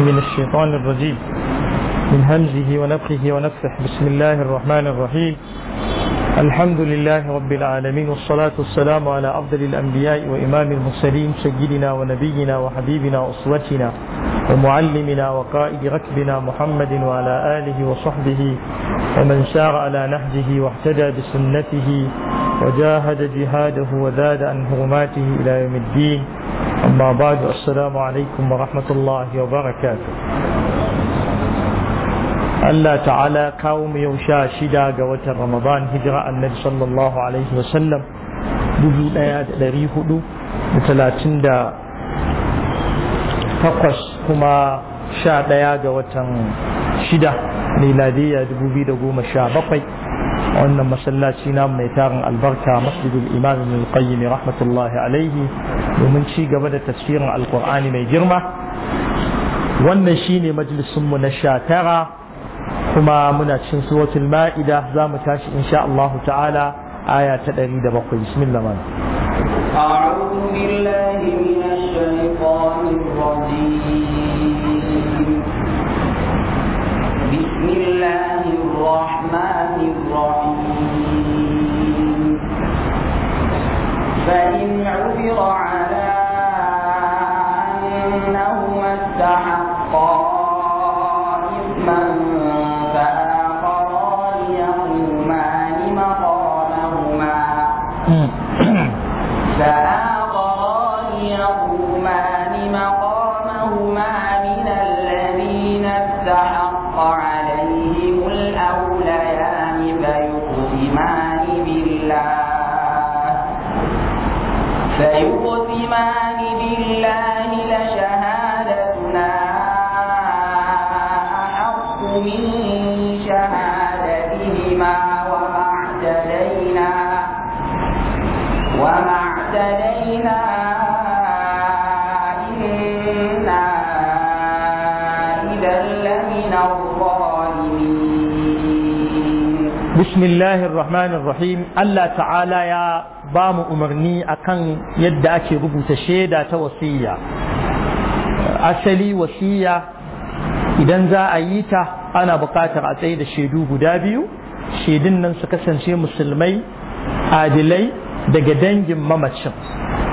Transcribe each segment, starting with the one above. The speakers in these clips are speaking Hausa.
من الشيطان الرجيم من همزه ونفخه ونفخه بسم الله الرحمن الرحيم الحمد لله رب العالمين والصلاة والسلام على أفضل الأنبياء وإمام المرسلين سيدنا ونبينا وحبيبنا وأسوتنا ومعلمنا وقائد ركبنا محمد وعلى آله وصحبه ومن سار على نهجه واهتدى بسنته وجاهد جهاده وزاد عن هرماته إلى يوم الدين أما بعد السلام عليكم ورحمة الله وبركاته Allah ta'ala kawo mu yau sha shida ga watan Ramadan hijira annabi sallallahu alaihi wa sallam dubu ɗaya da ɗari hudu da talatin da takwas kuma sha ɗaya ga watan shida miladiyya dubu biyu da goma sha bakwai wannan masallaci na mai tarin albarka masjidul imam ibn qayyim rahmatullahi alaihi domin ci gaba da tafsirin alqur'ani mai girma wannan shine majalisin mu na 19 kuma muna cikin suratul ma'ida za mu tashi insha Allah ta'ala aya ta 107 bismillah man a'udhu billahi minash shaitanir rajim بسم الله الرحمن الرحيم فإن عثر على أنهما استحقا ليقسمان بالله لشهادتنا بسم الله الرحمن الرحيم الله تعالى يا بام أمرني أكن يد أكي ربو تشيدة وصية أسلي وصية إذا زا أيتا أنا بقاتر أتيد الشيدو بدابيو shaidun nan su kasance musulmai adilai daga dangin mamacin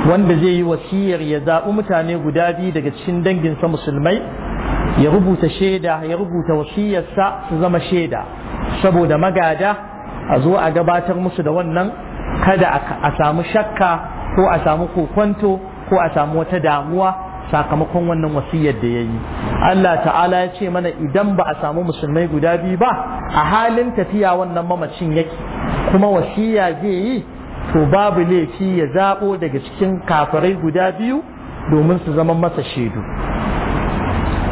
wanda zai yi wasiyar ya zaɓi mutane guda biyu daga cikin danginsa musulmai ya rubuta shaida ya rubuta wasiyarsa su zama shaida saboda magada a zo a gabatar musu da wannan kada a samu shakka ko a samu kokwanto ko a samu wata damuwa sakamakon wannan wasiyar da ya yi Allah ta'ala ya ce mana idan ba a samu musulmai guda biyu ba a halin tafiya wannan mamacin yake kuma wasiya zai yi to babu laifi ya zaɓo daga cikin kafirai guda biyu domin su zama masa shaidu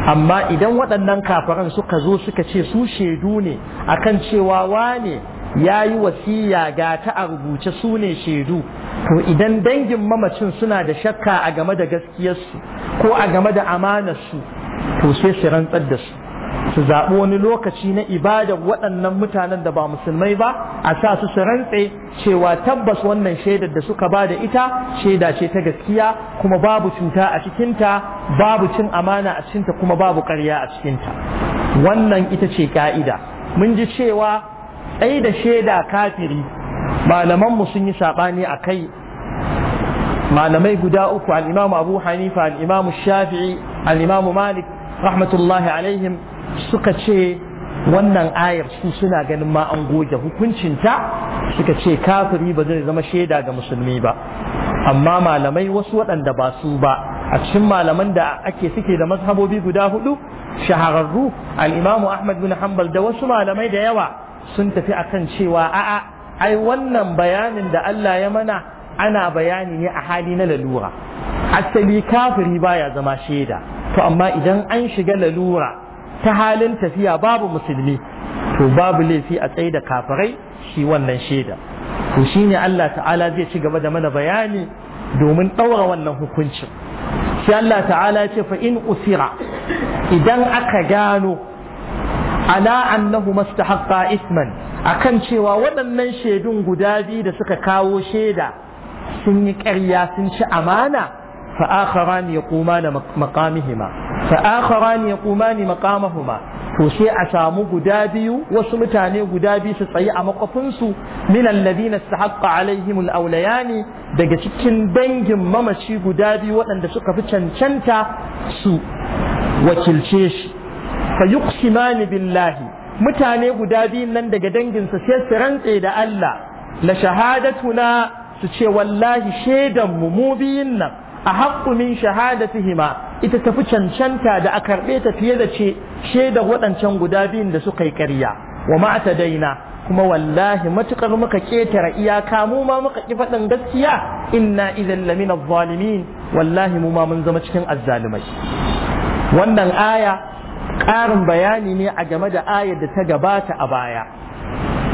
amma idan waɗannan kafaran suka zo suka ce su shaidu ne akan cewa wane ya yi wasiya ga ta a rubuce su ne shaidu to idan dangin mamacin suna da shakka a game da gaskiyarsu ko a game da amanarsu to sai su rantsar da su su zaɓi wani lokaci na ibadar waɗannan mutanen da ba musulmai ba a sa su su rantse cewa tabbas wannan shaidar da suka ba da ita shaida ce ta gaskiya kuma babu cuta a cikinta babu cin amana a cikinta kuma babu ƙarya a cikinta wannan ita ce ka'ida mun ji cewa ɗai da shaida kafiri malamanmu sun yi saɓani a kai malamai guda uku al'imamu abu hanifa al'imamu shafi'i al'imamu malik rahmatullahi alaihim suka ce wannan ayar su suna ganin ma an goge hukuncinta suka ce kafiri ba zai zama shaida ga musulmi ba amma malamai wasu waɗanda ba su ba a cikin malaman da ake suke da mazhabobi guda hudu shahararru al'imamu ahmad bin hanbal da wasu malamai da yawa sun tafi akan cewa a'a ai wannan bayanin da Allah ya mana ana bayani ne a hali na lalura asali kafiri baya zama shaida to amma idan an shiga lalura ta halin tafiya babu musulmi to babu laifi a tsaye da kafirai shi wannan shaida to shine Allah ta'ala zai ci gaba da mana bayani domin ɗaura wannan hukuncin sai Allah ta'ala ce fa in usira idan aka gano ala annahu mastahaqqa isman akan cewa waɗannan shaidun guda biyu da suka kawo shaida sun yi ƙarya sun ci amana فآخران يقومان مقامهما فآخران يقومان مقامهما to sai a samu guda biyu wasu mutane guda biyu su tsayi a makwafinsu min alladhina istahaqqa alaihim alawlayani daga cikin dangin mamaci guda biyu waɗanda suka fi cancanta su wakilce shi fa yuqsimani billahi mutane guda biyu nan daga su sai su rantse da Allah la shahadatuna su ce wallahi shaidan mu mu biyun nan a haƙƙu shahada shahadatihima ita tafi cancanta da a karɓe ta fiye da ce shaidar waɗancan guda biyun da suka yi ƙarya wa ma'ata daina kuma wallahi matuƙar muka ƙetare iyaka mu ma muka ƙi faɗin gaskiya inna idan lamina zalimin wallahi mu ma mun zama cikin azzalumai wannan aya ƙarin bayani ne a game da ayar da ta gabata a baya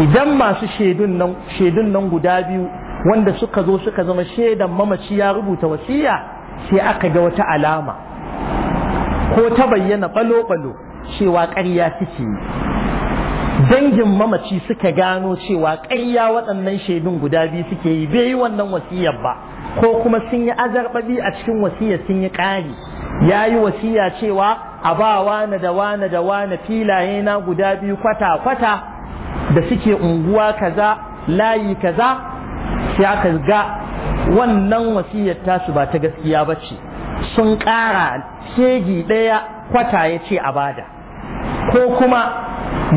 idan masu shaidun nan guda biyu wanda suka zo suka zama shaidan mamaci ya rubuta wasiya sai aka ga wata alama ko ta bayyana balo-balo cewa ƙarya suke yi dangin mamaci suka gano cewa ƙarya waɗannan shaidun guda biyu suke yi bai yi wannan wasiyar ba ko kuma sun yi azarbabi a cikin wasiyar sun yi ƙari ya yi wasiya cewa a ba wane da wane da wane filaye na guda biyu kwata-kwata da suke unguwa kaza layi kaza sai aka ga wannan wasiyar tasu ba ta gaskiya ba ce sun ƙara shegi ɗaya kwata ya ce a bada ko kuma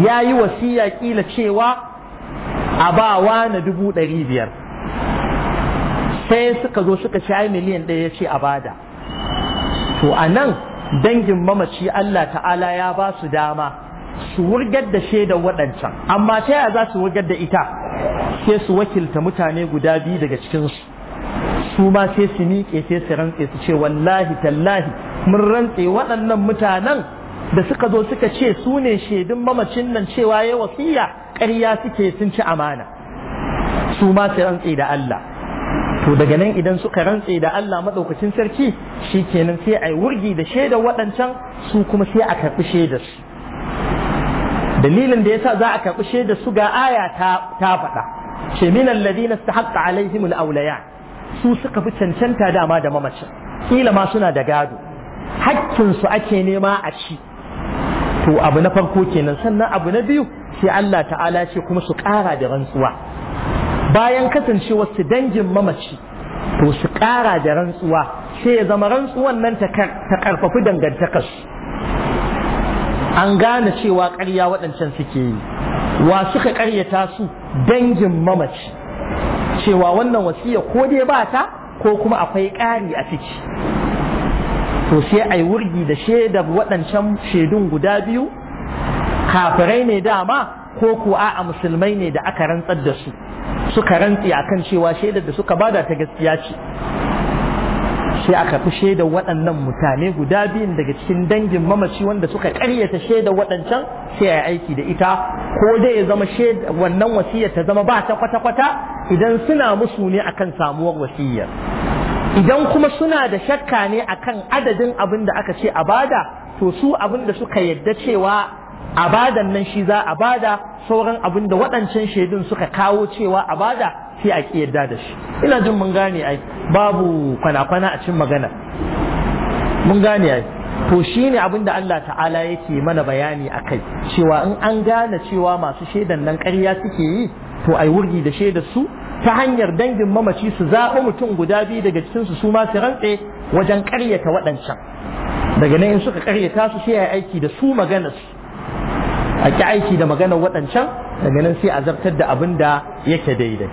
ya yi wasiya ƙila cewa a ba wa na dubu ɗari biyar sai suka zo suka ci miliyan ɗaya ya ce a bada to a nan dangin mamaci Allah ta'ala ya ba su dama su wurgar da shaidar waɗancan amma ta yaya za su wurgar da ita sai su wakilta mutane guda biyu daga cikinsu su ma sai su miƙe sai su rantse su ce wallahi tallahi mun rantse waɗannan mutanen da suka zo suka ce su ne shaidun mamacin nan cewa ya wasiya ƙarya suke sun ci amana su ma su rantse da Allah to daga nan idan suka rantse da Allah maɗaukacin sarki shi kenan sai a yi wurgi da shaidar waɗancan su kuma sai a karɓi shaidar su dalilin da yasa za a karɓi shaida su ga aya ta ta faɗa ce min alladhina istahaqqa alaihim alawliya su suka fi cancanta dama da mamacin kila ma suna da gado hakkin su ake nema a ci to abu na farko kenan sannan abu na biyu sai Allah ta'ala ce kuma su ƙara da rantsuwa bayan kasancewar su dangin mamaci to su ƙara da rantsuwa sai ya zama rantsuwan nan ta ƙarfafi dangantakarsu an gane cewa karya waɗancan suke yi wa suka ƙaryata su dangin mamaci cewa wannan wasiya ko dai ba ta ko kuma akwai ƙari a ciki to sai a wurgi da shaidar waɗancan shaidun guda biyu kafirai ne dama ko ko a musulmai ne da aka rantsar da su suka rantsi akan cewa shaidar da suka bada ta gaskiya ce sai aka fi shaida waɗannan mutane guda biyun daga cikin dangin mamaci wanda suka ƙaryata shaida waɗancan sai a yi aiki da ita ko dai ya zama wannan wasiyar ta zama ba ta kwata-kwata idan suna musu ne akan samuwar wasiyar idan kuma suna da shakka ne akan adadin abin da aka ce a bada to su abin da suka yadda cewa A abadan nan shi za a bada sauran abin da waɗancan shaidun suka kawo cewa a bada sai a ƙi yadda da shi ina jin mun gane ai babu kwana-kwana a cin magana mun gane ai to shi ne abin da Allah ta'ala yake mana bayani a kai cewa in an gane cewa masu shaidan nan ƙarya suke yi to ai wurgi da shaidar su ta hanyar dangin mamaci su zaɓi mutum guda biyu daga cikinsu su ma su rantse wajen ƙaryata waɗancan daga nan in suka ƙaryata su sai a aiki da su maganar su a ki aiki da maganar waɗancan daga nan sai a zartar da abin da yake daidai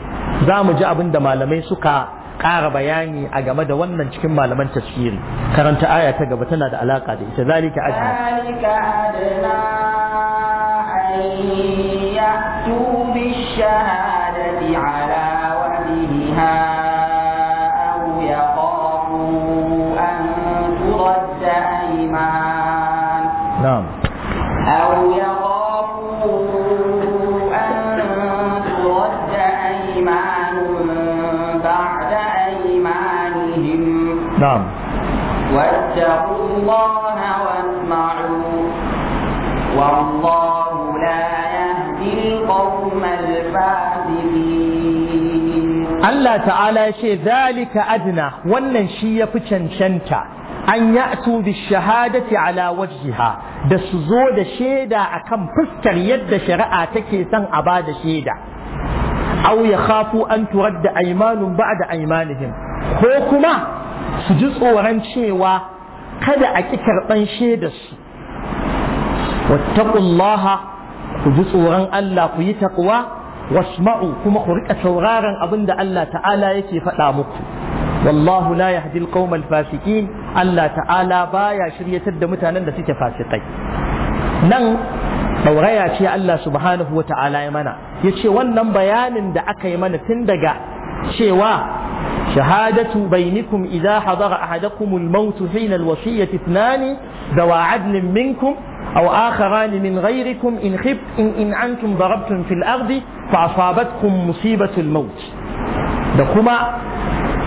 za mu ji abin da malamai suka ƙara bayani a game da wannan cikin malaman tafsiri karanta aya ta gaba tana da alaƙa da ita zalika adna aw yaqamu an أيمانهم بعد أيمانهم نعم واتقوا الله واسمعوا والله لا يهدي القوم الفاسقين الله تعالى شيء ذلك أدنى wannan shi ya fi cancanta an ya'tu bi shahadati ala wajhiha da su zo da shaida akan fuskar yadda shari'a take son a ba da shaida aw kafu an turadda aymanun ba'da aymanihim ko kuma su ji tsoron cewa kada a ki karban shaidar su wattaqullaha ku ji tsoron Allah ku yi taqwa wasma'u kuma ku rika sauraron abin da Allah ta'ala yake faɗa muku wallahu la yahdi alqawma alfasiqin Allah ta'ala baya shiryatar da mutanen da suke fasikai nan ɗauraya ce Allah subhanahu wa ta'ala ya mana ya ce wannan bayanin da aka yi mana tun daga cewa shahadatu bainikum idza hadara ahadakumul maut hina alwasiyyati ithnani dawa adlin minkum أو آخران من غيركم in antum darabtum fil ardi fa asabatkum الأرض فأصابتكم da kuma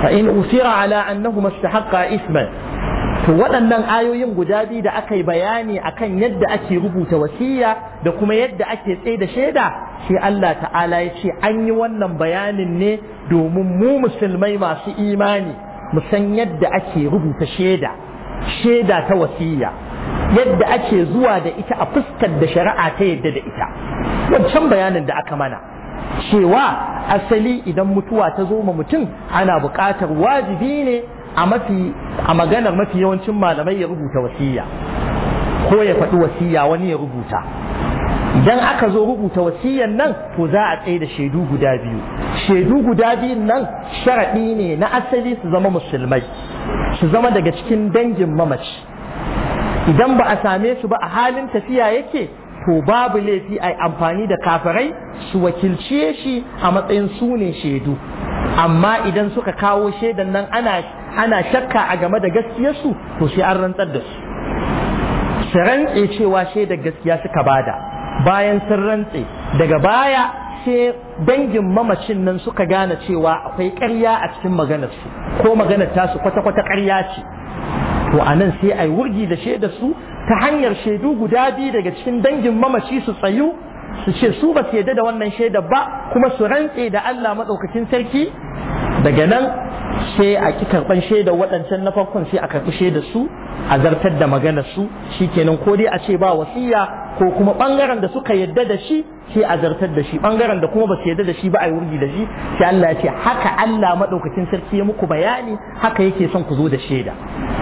fa in usira ala annahuma استحقا إثما to waɗannan ayoyin guda biyu da aka yi bayani akan yadda ake rubuta wasiya da kuma yadda ake tsaye da shaida sai Allah ta'ala ya ce an yi wannan bayanin ne domin mu musulmai masu imani mu san yadda ake rubuta shaida shaida ta wasiya yadda ake zuwa da ita a fuskar da shari'a ta yadda da ita wancan bayanin da aka mana cewa asali idan mutuwa ta zo mutum ana buƙatar wajibi ne a maganar mafi yawancin malamai ya rubuta wasiya ko ya faɗi wasiya wani ya rubuta idan aka zo rubuta wasiyan nan to za a tsaye da shaidu guda biyu shaidu guda biyun nan sharaɗi ne na asali su zama musulmai su zama daga cikin dangin mamaci idan ba a same su ba a halin tafiya yake to babu laifi a yi amfani da kafirai su wakilce shi a matsayin su ne shaidu amma idan suka kawo shaidan nan ana shakka a game da gaskiyarsu to sai an rantsar da su su rantse cewa shaidar gaskiya suka bada bayan sun rantse daga baya sai dangin mamacin nan suka gane cewa akwai ƙarya a cikin maganarsu ko maganar su kwata-kwata ƙarya ce to anan sai a wurgi da shaidar su ta hanyar shaidu guda biyu daga cikin dangin mamaci su tsayu su ce su ba su yadda da wannan shaidar ba kuma su rantse da Allah maɗaukakin sarki daga nan sai a ki karɓan shaida waɗancan na farkon sai a karɓi shaida su a zartar da maganar su kenan ko dai a ce ba wasiya ko kuma ɓangaren da suka yadda da shi sai a zartar da shi ɓangaren da kuma ba su yadda da shi ba a yi wurgi da shi sai Allah ya ce haka Allah maɗaukakin sarki ya muku bayani haka yake son ku zo da shaida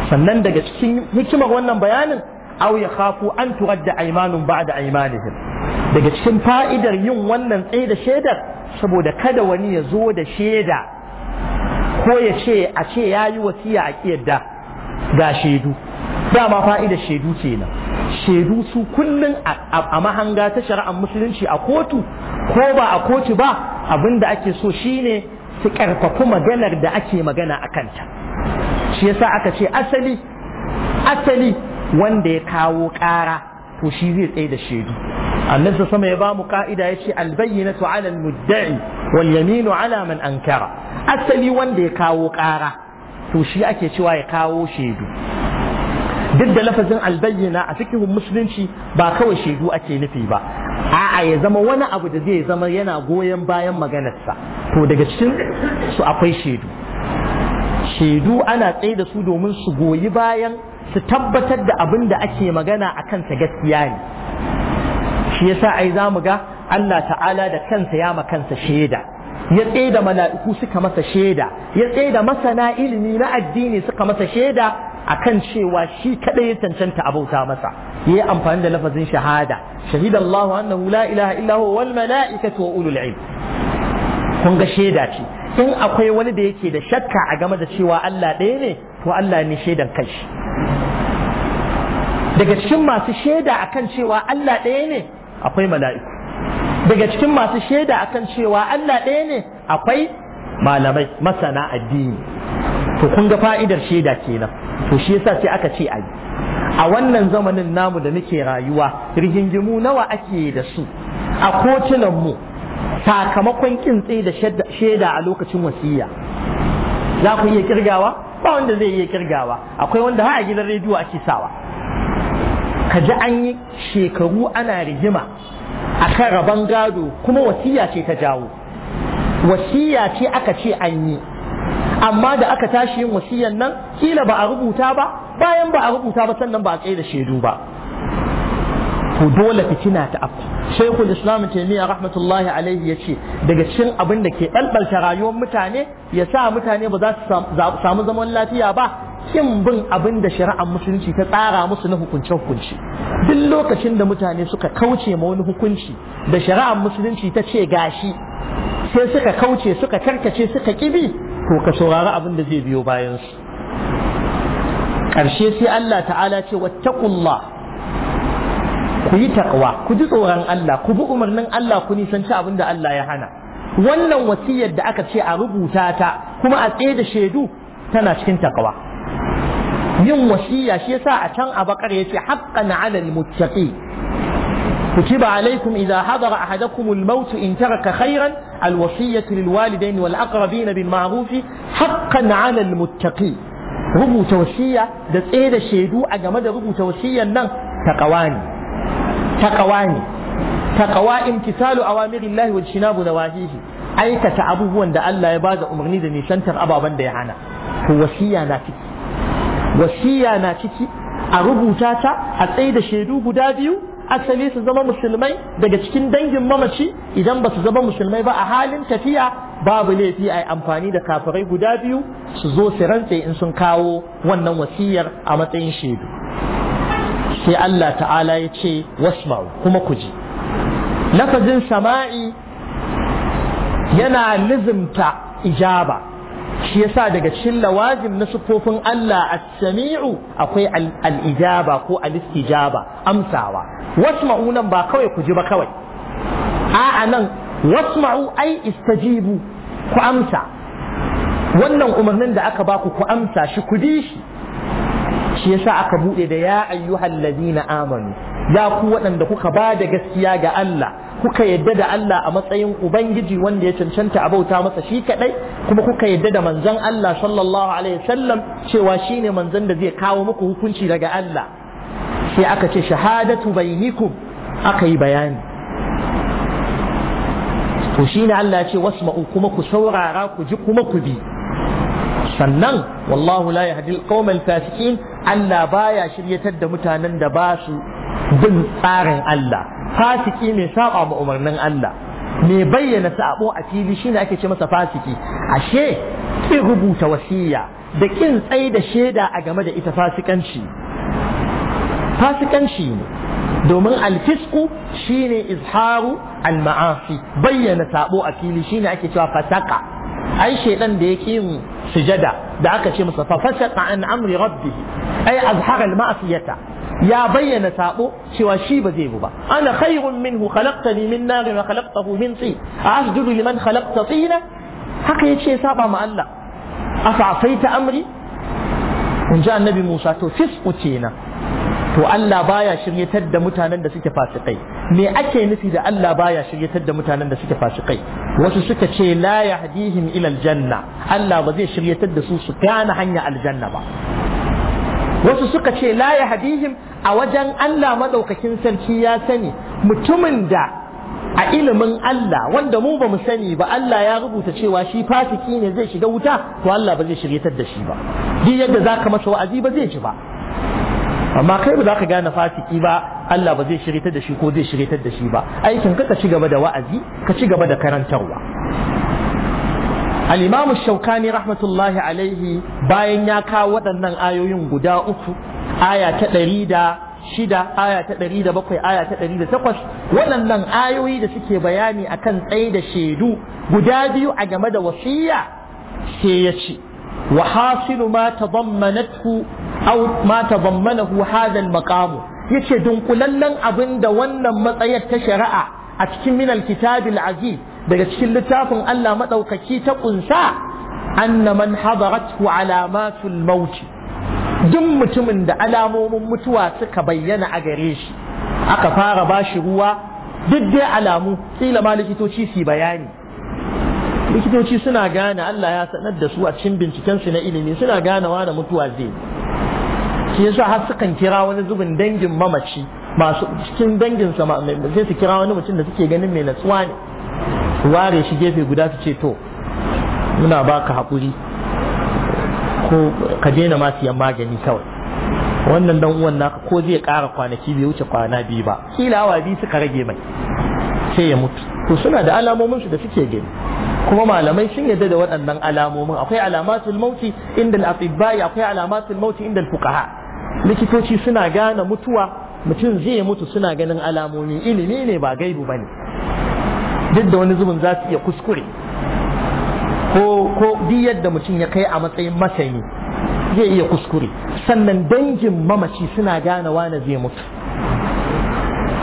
sannan daga cikin hikimar wannan bayanin aw ya khafu an turadda aymanun ba'da aymanihim daga cikin fa'idar yin wannan tsaye da shaidar saboda kada wani ya zo da shaida ko ya ce a ce ya yi wasiya a da ga shaidu dama fa'ida shaidu kenan shaidu su kullum a mahanga ta shari'ar musulunci a kotu ko ba a kotu ba abin da ake so shine su ƙarfafi maganar da ake magana a kanta shi yasa aka ce asali asali wanda ya kawo ƙara to shi zai tsaye da shaidu annabi sama ya ba mu ka'ida ya ce albayyinatu ala al-mudda'i wal yaminu ala man ankara asali wanda ya kawo ƙara to shi ake cewa ya kawo shaidu duk da lafazin albayyana a cikin musulunci ba kawai shaidu ake nufi ba a'a ya zama wani abu da zai zama yana goyon bayan maganarsa to daga cikin su akwai shaidu shaidu ana tsaye da su domin su goyi bayan su tabbatar da abin da ake magana a kansa gaskiya ne shi yasa ai za mu ga Allah ta'ala da kansa ya ma kansa shaida ya tsaye da mala'iku suka masa shaida ya tsaye da masana ilimi na addini suka masa shaida akan cewa shi kadai ya cancanta abauta masa yayi amfani da lafazin shahada shahida Allah la ilaha illa huwa wal mala'ikatu wa ulul ilm kun ga shaida ce in akwai wani da yake da shakka a game da cewa Allah ɗaya ne to Allah ne shaidan kanshi daga cikin masu shaida akan cewa Allah ɗaya ne akwai mala'iku daga cikin masu shaida akan cewa Allah ɗaya ne akwai malamai masana addini to kun ga fa'idar shaida kenan to shi yasa sai aka ce ai a wannan zamanin namu da muke rayuwa rigingimu nawa ake da su a kotunan mu sakamakon kin da shaida a lokacin wasiya za ku iya kirgawa ba wanda zai iya kirgawa akwai wanda har a gidan rediyo ake sawa ka an yi shekaru ana rigima a kan rabon gado kuma wasiya ce ta jawo wasiya ce aka ce an yi amma da aka tashi yin wasiyan nan kila ba a rubuta ba bayan ba a rubuta ba sannan ba a tsaye da shaidu ba to dole fitina ta afku shaykhul islam taymiya rahmatullahi alaihi ya ce daga cikin abin da ke dalbalta rayuwar mutane ya sa mutane ba za su samu zaman lafiya ba kin bin abin da shari'ar musulunci ta tsara musu na hukunce hukunci duk lokacin da mutane suka kauce ma wani hukunci da shari'ar musulunci ta ce gashi sai suka kauce suka karkace suka kibi to ka saurari abin da zai biyo bayan su ƙarshe sai Allah ta'ala ce wattaqullah ku yi takwa ku ji tsoron Allah ku bi umarnin Allah ku nisanci abin da Allah ya hana wannan wasiyar da aka ce a rubuta ta kuma a tseda shaidu tana cikin takwa yin wasiya shi yasa a can a baƙar ya ce haqqan 'ala al-muttaqi kutiba alaykum idha hadara ahadakum al-maut in taraka khayran al-wasiyatu lil-walidayn wal-aqrabin bil-ma'ruf haqqan 'ala al-muttaqi rubuta wasiya da tseda shaidu a game da rubuta wasiyar nan takawani taqwa ne taqwa imtisalu awamirillahi wa jinabu nawahihi aikata abubuwan da Allah ya bada umarni da nisantar ababen da ya hana to wasiya na ciki wasiya na ciki a rubuta ta a tsaye da shaidu guda biyu asali su zama musulmai daga cikin dangin mamaci idan ba su zama musulmai ba a halin tafiya babu laifi a amfani da kafirai guda biyu su zo su rantse in sun kawo wannan wasiyar a matsayin shaidu sai Allah ta'ala ya ce wasma'u kuma ku ji lafazin sama'i yana lizimta ijaba shi yasa daga cikin lawazim na sufofin Allah as-sami'u akwai al-ijaba ko al-istijaba amsawa wasma'u nan ba kawai ku ji ba kawai a'a nan wasma'u ai istajibu ku amsa wannan umarnin da aka baku ku amsa shi ku bi shi shi yasa aka bude da ya ayyuhal ladina amanu ya ku waɗanda kuka ba da gaskiya ga Allah kuka yadda da Allah a matsayin ubangiji wanda ya cancanta a bauta masa shi kadai kuma kuka yadda da manzon Allah sallallahu alaihi wasallam cewa shine manzon da zai kawo muku hukunci daga Allah sai aka ce shahadatu bainikum aka yi bayani to shine Allah ya ce wasma'u kuma ku saurara ku ji kuma ku bi sannan wallahu la yahdi al fasikin Allah baya shiryatar da mutanen da ba su bin tsarin Allah fasiki ne saba ma umarnin Allah mai bayyana sabo a fili shine ake ce masa fasiki ashe ki rubuta wasiya da kin tsaye da shaida a game da ita fasikanci fasikanci ne domin alfisku shine izharu al-ma'asi bayyana sabo a fili shine ake cewa fasaka ai shaidan da yake yin sujada da aka ce masa fa fasaqa an amri rabbi ai azhara al ma'siyata ya bayyana sabo cewa shi ba zai bu ba ana khairun minhu khalaqtani min nar wa khalaqtahu min tin asjudu liman khalaqta tina haka yace saba ma Allah afa ta amri in ji annabi Musa to fisku kenan to Allah baya shiryatar da mutanen da suke fasikai me ake nufi da Allah baya shiryatar da mutanen da suke fasikai wasu suka ce la yahdihim ila aljanna Allah ba zai shiryatar da su su gane hanya aljanna ba wasu suka ce la yahdihim a wajen Allah madaukakin sarki ya sani mutumin da a ilimin Allah wanda mu ba mu sani ba Allah ya rubuta cewa shi fasiki ne zai shiga wuta to Allah ba zai shiryatar da shi ba duk yadda zaka masa wa'azi ba zai ji ba amma kai ba za ka gane fasiki ba Allah ba zai shirita da shi ko zai shirita da shi ba aikin ka ka ci gaba da wa'azi ka ci gaba da karantarwa al-imam shaukani rahmatullahi alaihi bayan ya kawo waɗannan ayoyin guda uku aya ta ɗari da shida aya ta ɗari da bakwai aya ta ɗari da takwas waɗannan ayoyi da suke bayani akan tsaye da shaidu guda biyu a game da wasiya sai ya ce وحاصل ما تضمنته أو ما تضمنه هذا المقام يتشي دنقلن أبن دوانا مطيت شرع أتكن من الكتاب العزيز daga cikin littafin Allah maɗaukaki ta ƙunsa anna man hadaratu alamatul mauti duk mutumin da alamomin mutuwa suka bayyana a gare shi aka fara bashi ruwa duk dai alamu kila likitoci su bayani likitoci suna gane Allah ya sanar da su a cikin bincikensu na ilimi suna gane da mutuwa zai shi yasa har sukan kira wani zubin dangin mamaci masu cikin dangin sa sai su kira wani mutum da suke ganin mai natsuwa ne ware shi gefe guda su ce to muna baka hakuri ko ka daina ma siyan magani kawai wannan dan uwan naka ko zai kara kwanaki bai wuce kwana biyu ba kila awa biyu suka rage mai sai ya mutu to suna da alamomin su da suke gani kuma malamai sun yadda da waɗannan alamomin akwai alamatul mauti inda al akwai alamatul mauti inda al likitoci suna gane mutuwa mutum zai mutu suna ganin alamomi ilimi ne ba gaibu bane duk da wani zubin za su iya kuskure ko ko duk yadda mutum ya kai a matsayin masani zai iya kuskure sannan dangin mamaci suna gane wane zai mutu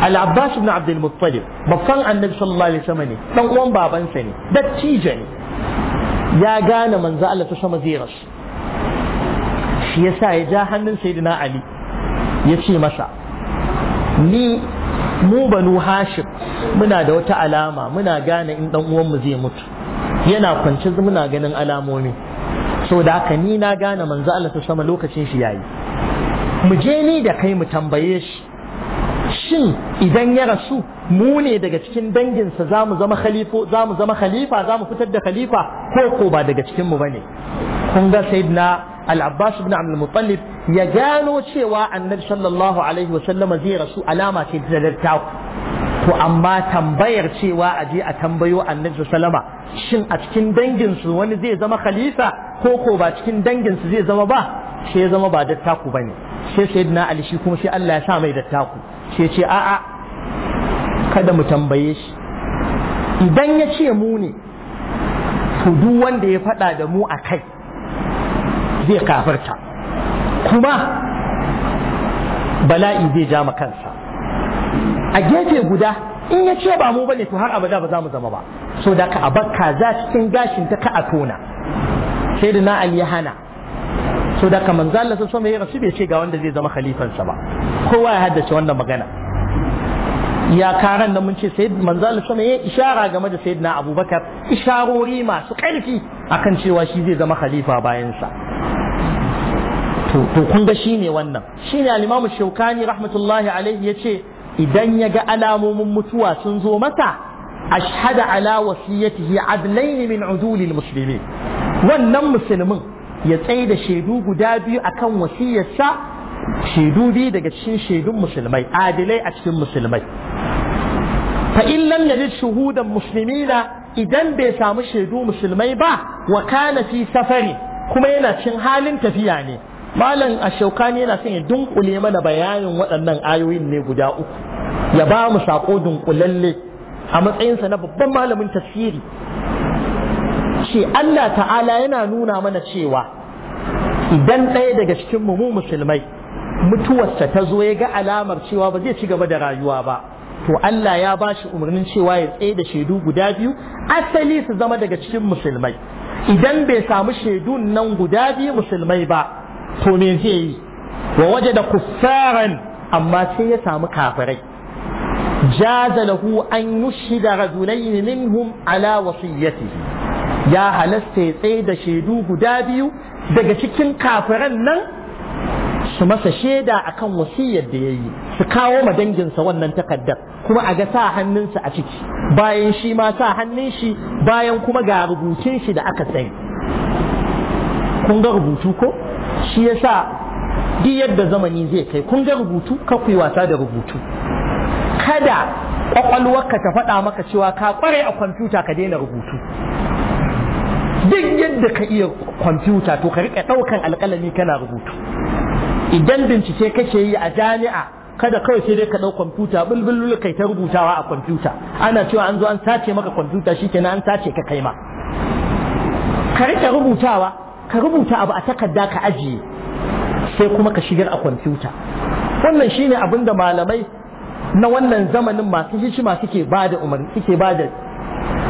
al-abbas ibn abd al-muttalib babban annabi sallallahu alaihi wasallam ne dan uwan babansa ne dattijo ne ya gane manzo Allah ta sama zai rasu shi yasa ya ja hannun sayyidina ali ya ce masa ni mu banu hashim muna da wata alama muna gane in dan uwanmu zai mutu yana kwance muna ganin alamomi da haka ni na gane manzo Allah ta sama lokacin shi yayi mu je ni da kai mu tambaye shi shin idan ya rasu mu ne daga cikin danginsa za mu zama khalifa za mu zama khalifa za mu fitar da khalifa ko ko ba daga cikin mu bane kun ga sayyidina al-abbas ibn al muttalib ya gano cewa annabi sallallahu alaihi wa sallama zai rasu alama ce ta dattaku to amma tambayar cewa a je a tambayo annabi sallama shin a cikin danginsu wani zai zama khalifa ko ko ba cikin danginsu zai zama ba sai ya zama ba dattaku bane sai sayyidina ali shi kuma sai Allah ya sa mai dattaku sai ce a'a kada mu tambaye shi idan ya ce mu ne to duk wanda ya faɗa da mu a kai zai kafarta kuma bala'i zai ja ma kansa a gefe guda in ya ce ba mu bane to har abada ba za mu zama ba so da ka abar kaza cikin gashin ta ka a tona sai da na ali hana so da ka manzo Allah sallallahu alaihi wasallam bai ce ga wanda zai zama khalifansa ba kowa ya haddace wannan magana ya karan da mun ce sai manzo sama ya ishara game da sayyidina Abubakar isharori masu ƙarfi akan cewa shi zai zama khalifa bayan sa to kun ga shine wannan shine al-Imam Shawkani rahmatullahi alaihi yace idan ya ga alamomin mutuwa sun zo masa ashhada ala wasiyatihi adlaini min udulil muslimin wannan musulmin ya tsaye da shaidu guda biyu akan wasiyarsa shaidu biyu daga cikin shaidun musulmai adilai a cikin musulmai fa in lam yajid shuhudan muslimina idan bai samu shaidu musulmai ba wa kana fi safari kuma yana cin halin tafiya ne malam ashaukani yana son ya dunkule mana bayanin waɗannan ayoyin ne guda uku ya ba mu saƙo dunkulalle a matsayinsa na babban malamin tafsiri ce Allah ta'ala yana nuna mana cewa idan ɗaya daga cikin mu musulmai mutuwarsa ta zo ya ga alamar cewa ba zai ci gaba da rayuwa ba to Allah ya ba shi umarnin cewa ya tsaye da shaidu guda biyu asali su zama daga cikin musulmai idan bai samu shaidun nan guda biyu musulmai ba to me zai yi wa waje da kuffaran amma sai ya samu kafirai jaza lahu an yushida rajulayn minhum ala wasiyyatihi ya halasta ya tsaye da shaidu guda biyu daga cikin kafiran nan su masa shaida a kan wasiyar da ya yi su kawo ma danginsa wannan takaddar kuma a ga sa hannunsa a ciki bayan shi ma sa hannun shi bayan kuma ga rubutun shi da aka sani kun ga rubutu ko shi ya sa duk yadda zamani zai kai kun ga rubutu ka ku wasa da rubutu kada kwakwalwarka ta faɗa maka cewa ka kware a kwamfuta ka daina rubutu duk yadda ka iya kwamfuta to ka rika ɗaukan alƙalami kana rubutu idan bincike kake yi a jami'a kada kawai sai dai ka ɗau kwamfuta bulbulul kai ta rubutawa a kwamfuta ana cewa an zo an sace maka kwamfuta shikenan an sace ka kai ma ka rika rubutawa ka rubuta abu a takarda ka ajiye sai kuma ka shigar a kwamfuta wannan shine abin da malamai na wannan zamanin masu hikima suke bada umarni suke ba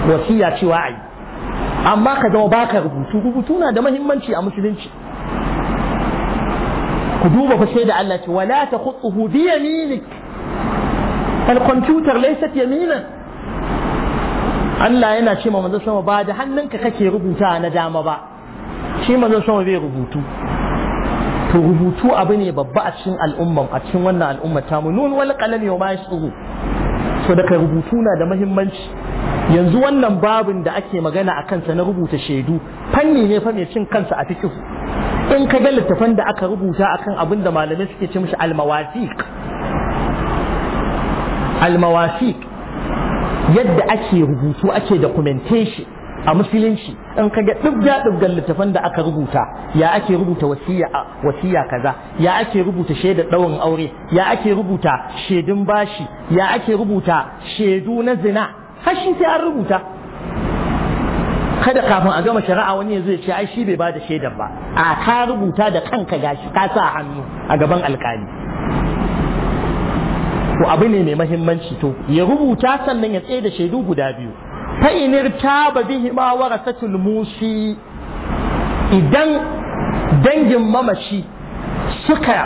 wasiya cewa ayi. amma ka zama baka rubutu rubutu na da mahimmanci a musulunci ku duba fa sai da Allah ce wala takhutuhu bi yaminik al computer laysat yamina Allah yana ce ma manzo sama ba da hannunka kake rubuta na dama ba shi manzo sama bai rubutu to rubutu abu ne babba a cikin al'umma a cikin wannan al'umma ta mu nun wal qalami wa ma so da rubutu na da mahimmanci. yanzu wannan babin da ake magana a kansa na rubuta shaidu fanni ne fa mai cin kansa a cikin in ka ga littafan da aka rubuta akan abin da malamai suke ce mishi almawasiq almawasiq yadda ake rubutu ake documentation a musulunci in ka ga dubga dubgan littafan da aka rubuta ya ake rubuta wasiya wasiya kaza ya ake rubuta shaidar ɗaurin aure ya ake rubuta shaidun bashi ya ake rubuta shaidu na zina hashi sai an rubuta kada kafin a gama shari'a wani ya zo ya ce ai shi bai ba da shaidar ba a ka rubuta da kanka gashi ka sa hannu a gaban alkali to abu ne mai mahimmanci to ya rubuta sannan ya tsaye da shaidu guda biyu ta inir taba bihi ma warasatul musi idan dangin mamashi suka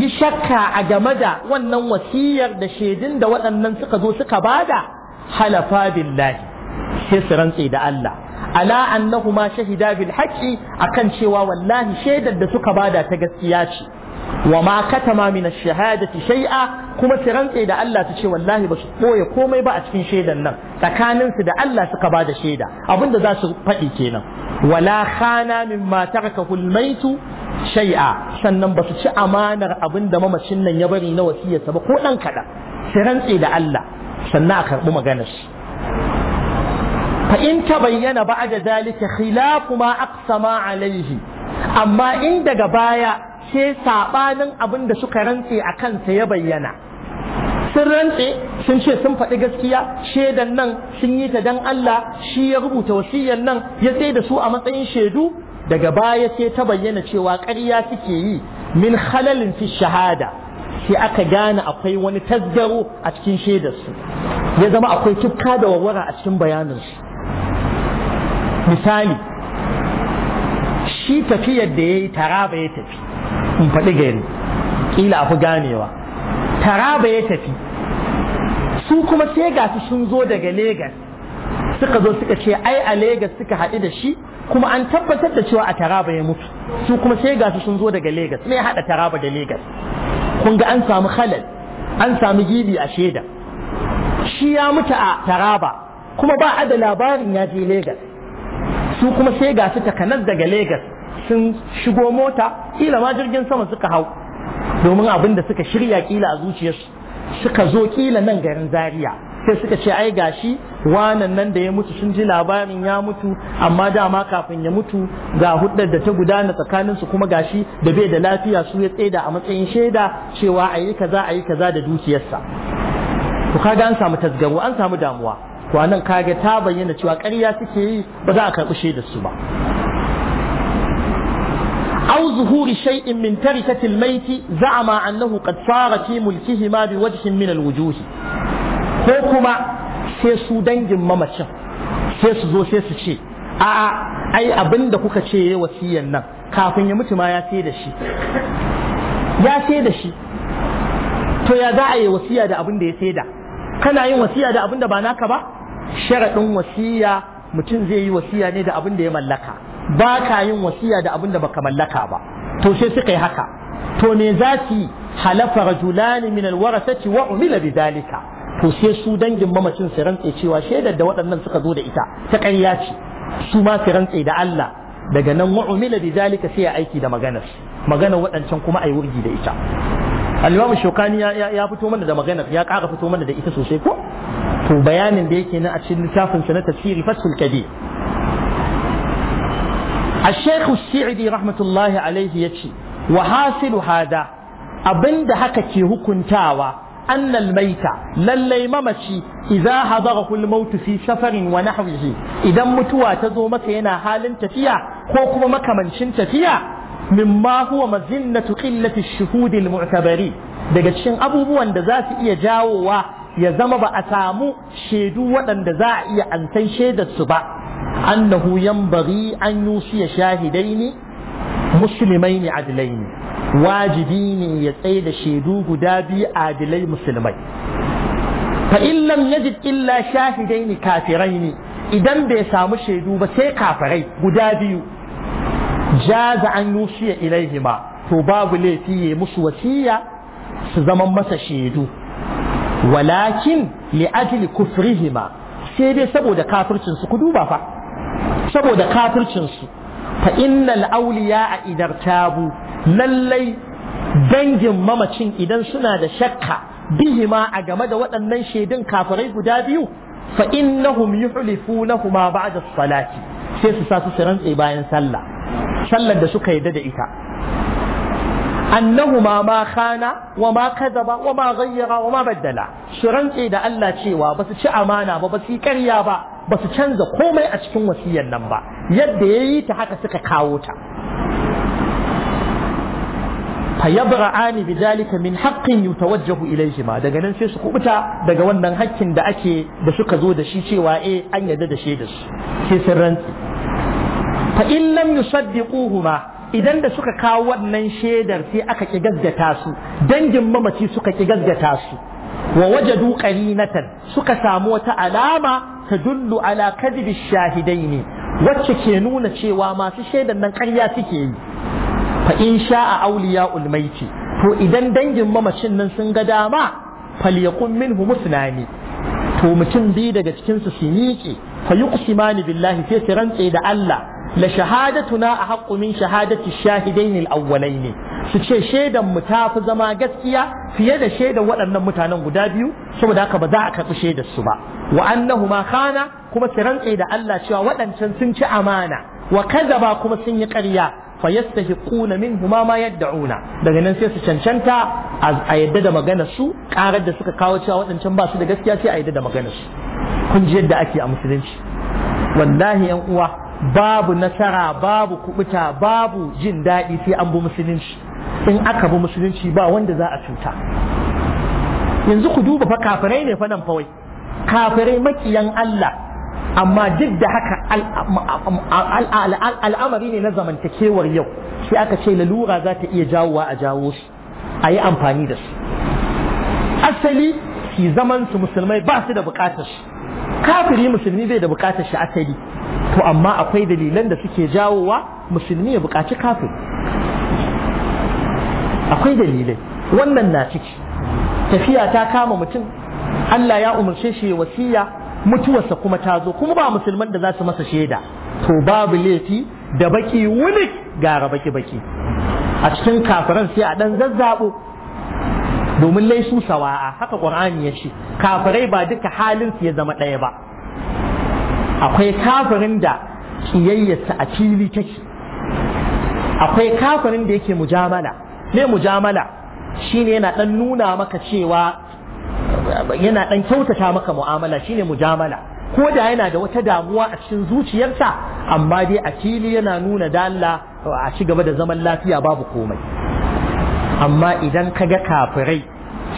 yi shakka a game da wannan wasiyar da shaidun da waɗannan suka zo suka bada halafa billahi sai su rantse da Allah Ala'annahu ma shahida bil haqqi akan cewa wallahi shaidar da suka bada ta gaskiya ce wa ma katama min ash-shahadati shay'a kuma su rantse da Allah su ce wallahi ba su boye komai ba a cikin shaidar nan Tsakaninsu da Allah suka bada shaida abinda za su faɗi kenan wala khana mimma tarakahu al-maitu shay'a sannan ba su ci amanar abinda mamacin nan ya bari na wasiyarsa ba ko ɗan kaɗan su rantse da Allah sannan a karɓi maganar shi fa in ta bayyana ba da zalika khilafu ma aqsama alaihi amma in daga baya sai sabanin abin da suka rantse a kansa ya bayyana sun rantse sun ce sun faɗi gaskiya shaidan nan sun yi ta dan Allah shi ya rubuta wasiyar nan ya sai da su a matsayin shaidu daga baya sai ta bayyana cewa ƙarya suke yi min halalin fi shahada sai aka gane akwai wani tasgaro a cikin shaidarsu ya zama akwai tukka da wawara a cikin bayaninsu misali shi tafiyar da ya yi taraba ya tafi in faɗi gari ƙila a fi ganewa taraba ya tafi su kuma sai ga su sun zo daga Legas suka zo suka ce ai a Legas suka haɗu da shi kuma an tabbatar da cewa a Taraba ya mutu su kuma sai ga su sun zo daga Legas me haɗa Taraba da Legas kun ga an samu halal an samu gibi a shaida shi ya mutu a taraba kuma ba a da labarin ya je Legas su kuma sai ga su takanar daga Legas sun shigo mota kila ma jirgin sama suka hau domin abin da suka shirya kila a zuciyarsu suka zo kila nan garin Zaria sai suka ce ai gashi wanan nan da ya mutu sun ji labarin ya mutu amma dama kafin ya mutu ga huddar da ta gudana tsakanin su kuma gashi da bai da lafiya su ya tsaida a matsayin shaida cewa ayi kaza ayi kaza da dukiyarsa to kaga an samu tasgaro an samu damuwa to anan ga ta bayyana cewa ƙarya suke yi ba za a karɓi da su ba أو ظهور شيء من تركة الميت زعم أنه قد صار في ملكهما بوجه من الوجوه ko kuma sai su dangin mamacin sai su zo sai su ce a'a ai abin kuka ce ya wasiyan nan kafin ya mutu ma ya sai da shi ya sai da shi to ya za a yi wasiya da abin ya sai da kana yin wasiya da abin da ba naka ba sharaɗin wasiya mutum zai yi wasiya ne da abin ya mallaka ba ka yin wasiya da abin da baka mallaka ba to sai suka yi haka to me za ki halafa rajulani min alwarasati wa umila bidalika to sai su dangin mamacin su rantse cewa shaidar da waɗannan suka zo da ita ta ƙarya ce su ma su rantse da Allah daga nan wa'umila bi zalika sai ya aiki da maganar maganar waɗancan kuma ayi wurgi da ita al-imam shokani ya fito mana da maganar ya ƙara fito mana da ita sosai ko to bayanin da yake na a cikin littafin sa na tafsiri fathul kadir الشيخ السعدي رحمة الله عليه يتشي وحاصل هذا abin da haka ke hukuntawa أن الميت للي ممشي إذا حضره الموت في سفر ونحوه إذا متوى تزومك هنا حال تفيا كوكو مكمنشن تفيا مما هو مزنة قلة الشهود المعتبرين daga cikin abubuwan da za su iya jawowa ya zama ba a samu shaidu waɗanda za a iya antan shaidarsu ba annahu yan bari an musulmai shahidaini muslimaini adlaini wajibi ne ya tsaye da shaidu guda biyu adilai musulmai fa in lam yajid illa shahidaini ne. idan bai samu shaidu ba sai kafirai guda biyu jaza an yushiya ilaihima to babu laifi ya musu wasiya su zaman masa shaidu walakin li ajli kufrihima sai dai saboda kafircin su ku duba fa saboda kafircin su fa innal awliya idartabu lallai dangin mamacin idan suna da shakka bihima a game da waɗannan shaidun kafirai guda biyu fa innahum yuhlifunahuma ba'da salati sai su sa su rantse bayan sallah sallar da suka yadda da ita annahuma ma khana wa ma kadaba wa ma ghayyara wa ma baddala su rantse da Allah cewa basu ci amana ba ba karya ba basu canza komai a cikin wasiyar nan ba yadda yayi ta haka suka kawo ta fayabra'ani bidalika min haqqin yutawajjahu ilai ma daga nan sai su kubuta daga wannan haƙƙin da ake da suka zo da shi cewa eh an yarda da shi da su sai sun rantsi fa in lam yusaddiquhuma idan da suka kawo wannan shaidar sai aka ki gaggata su dangin mamaci suka ki gaggata su wa wajadu qarinatan suka samu wata alama ta dullu ala kadhibi shahidaini wacce ke nuna cewa masu shaidar nan ƙarya suke yi fa in a auliya ulmaiti to idan dangin mamacin nan sun ga dama falyakun minhu musnani to mutum biyu daga cikin su su miƙe fa yuqsimani billahi sai su rantse da Allah la shahadatuna ahaqqu min shahadati shahidain al ne su ce shaidan mu ta fi zama gaskiya fiye da shaidan waɗannan mutanen guda biyu saboda haka ba za a karɓi shaidar su ba wa annahu ma kana kuma su rantse da Allah cewa waɗancan sun ci amana wa kadaba ba kuma sun yi ƙarya fa yastahiquna minhu ma ma yad'una daga nan sai su cancanta a yadda da magana su karar da suka kawo cewa waɗancan ba su da gaskiya sai a yadda da magana su kun ji yadda ake a musulunci wallahi yan uwa babu nasara babu kubuta babu jin daɗi sai an bi musulunci in aka bi musulunci ba wanda za a cuta yanzu ku duba fa kafirai ne fa nan fa wai kafirai makiyan Allah amma duk da haka al'amari ne na zamantakewar yau sai aka ce lalura za ta iya jawowa a jawo su a yi amfani da su asali su zaman su musulmai ba su da bukatar shi kafiri musulmi bai da bukatar shi asali to amma akwai dalilan da suke jawowa musulmi ya bukaci kafiri akwai dalilai wannan na ciki tafiya ta kama mutum Allah ya umarce shi wasiya mutuwarsa kuma ta zo kuma ba musulman da za su masa shaida to babu laifi da baki wuni gara baki baki a cikin kafiran sai a dan zazzabo domin laisu sawa'a haka qur'ani ya ce kafirai ba duka halin su ya zama ɗaya ba akwai kafirin da kiyayyarsa a cili take akwai kafirin da yake mujamala ne mujamala shine yana dan nuna maka cewa yana ɗan kyautata maka mu'amala shine mujamala ko da yana da wata damuwa a cikin zuciyarsa amma dai a fili yana nuna dalla a ci gaba da zaman lafiya babu komai amma idan ka ga kafirai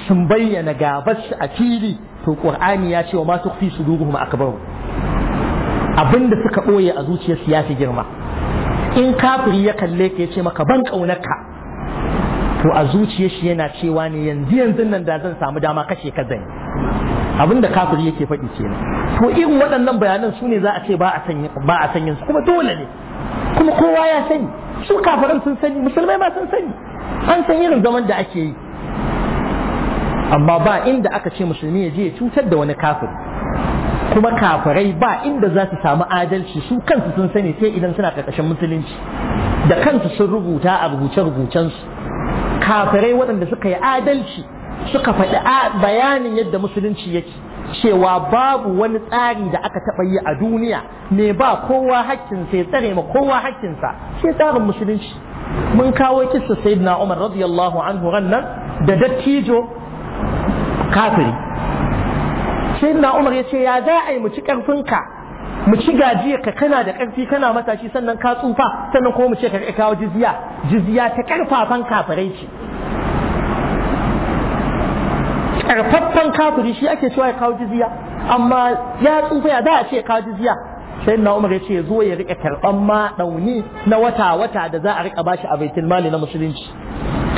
sun bayyana gabas a fili to qur'ani ya ce wa ma tukhfi suduruhum akbaru abinda suka boye a zuciyarsu ya fi girma in kafiri ya kalle ka ya ce maka ban kaunarka to a zuciyar shi yana cewa ne yanzu yanzu nan da zan samu dama kashe ka zan abin da kafiri yake faɗi kenan to irin waɗannan bayanan su ne za a ce ba a san ba a san kuma dole ne kuma kowa ya sani su kafirin sun sani musulmai ma sun sani an san irin zaman da ake yi amma ba inda aka ce musulmi ya je ya cutar da wani kafir kuma kafirai ba inda za su samu adalci su kansu sun sani sai idan suna karkashin musulunci da kansu sun rubuta a rubuce-rubucensu kafirai waɗanda suka yi adalci suka faɗi bayanin yadda musulunci yake cewa babu wani tsari da aka taɓa yi a duniya Me ba kowa hakkinsa ya tsare ma kowa hakkinsa sai tsarin musulunci mun kawo kisa sayyidina Umar radiyallahu anhu rannan da dattijo kafiri sayyidina Umar ya ce ya za a yi mu ci ƙarfinka. mu ci gajiya ka kana da karfi kana matashi sannan ka tsufa sannan ko mu ce ka kawo jizya jizya ta karfafan kafirai ce karfafan kafiri shi ake cewa ya kawo jizya amma ya tsufa ya za a ce ka kawo jizya sai na umar ya ce zo ya rika karɓan ma ɗauni na wata-wata da za a rika bashi a baitul mali na musulunci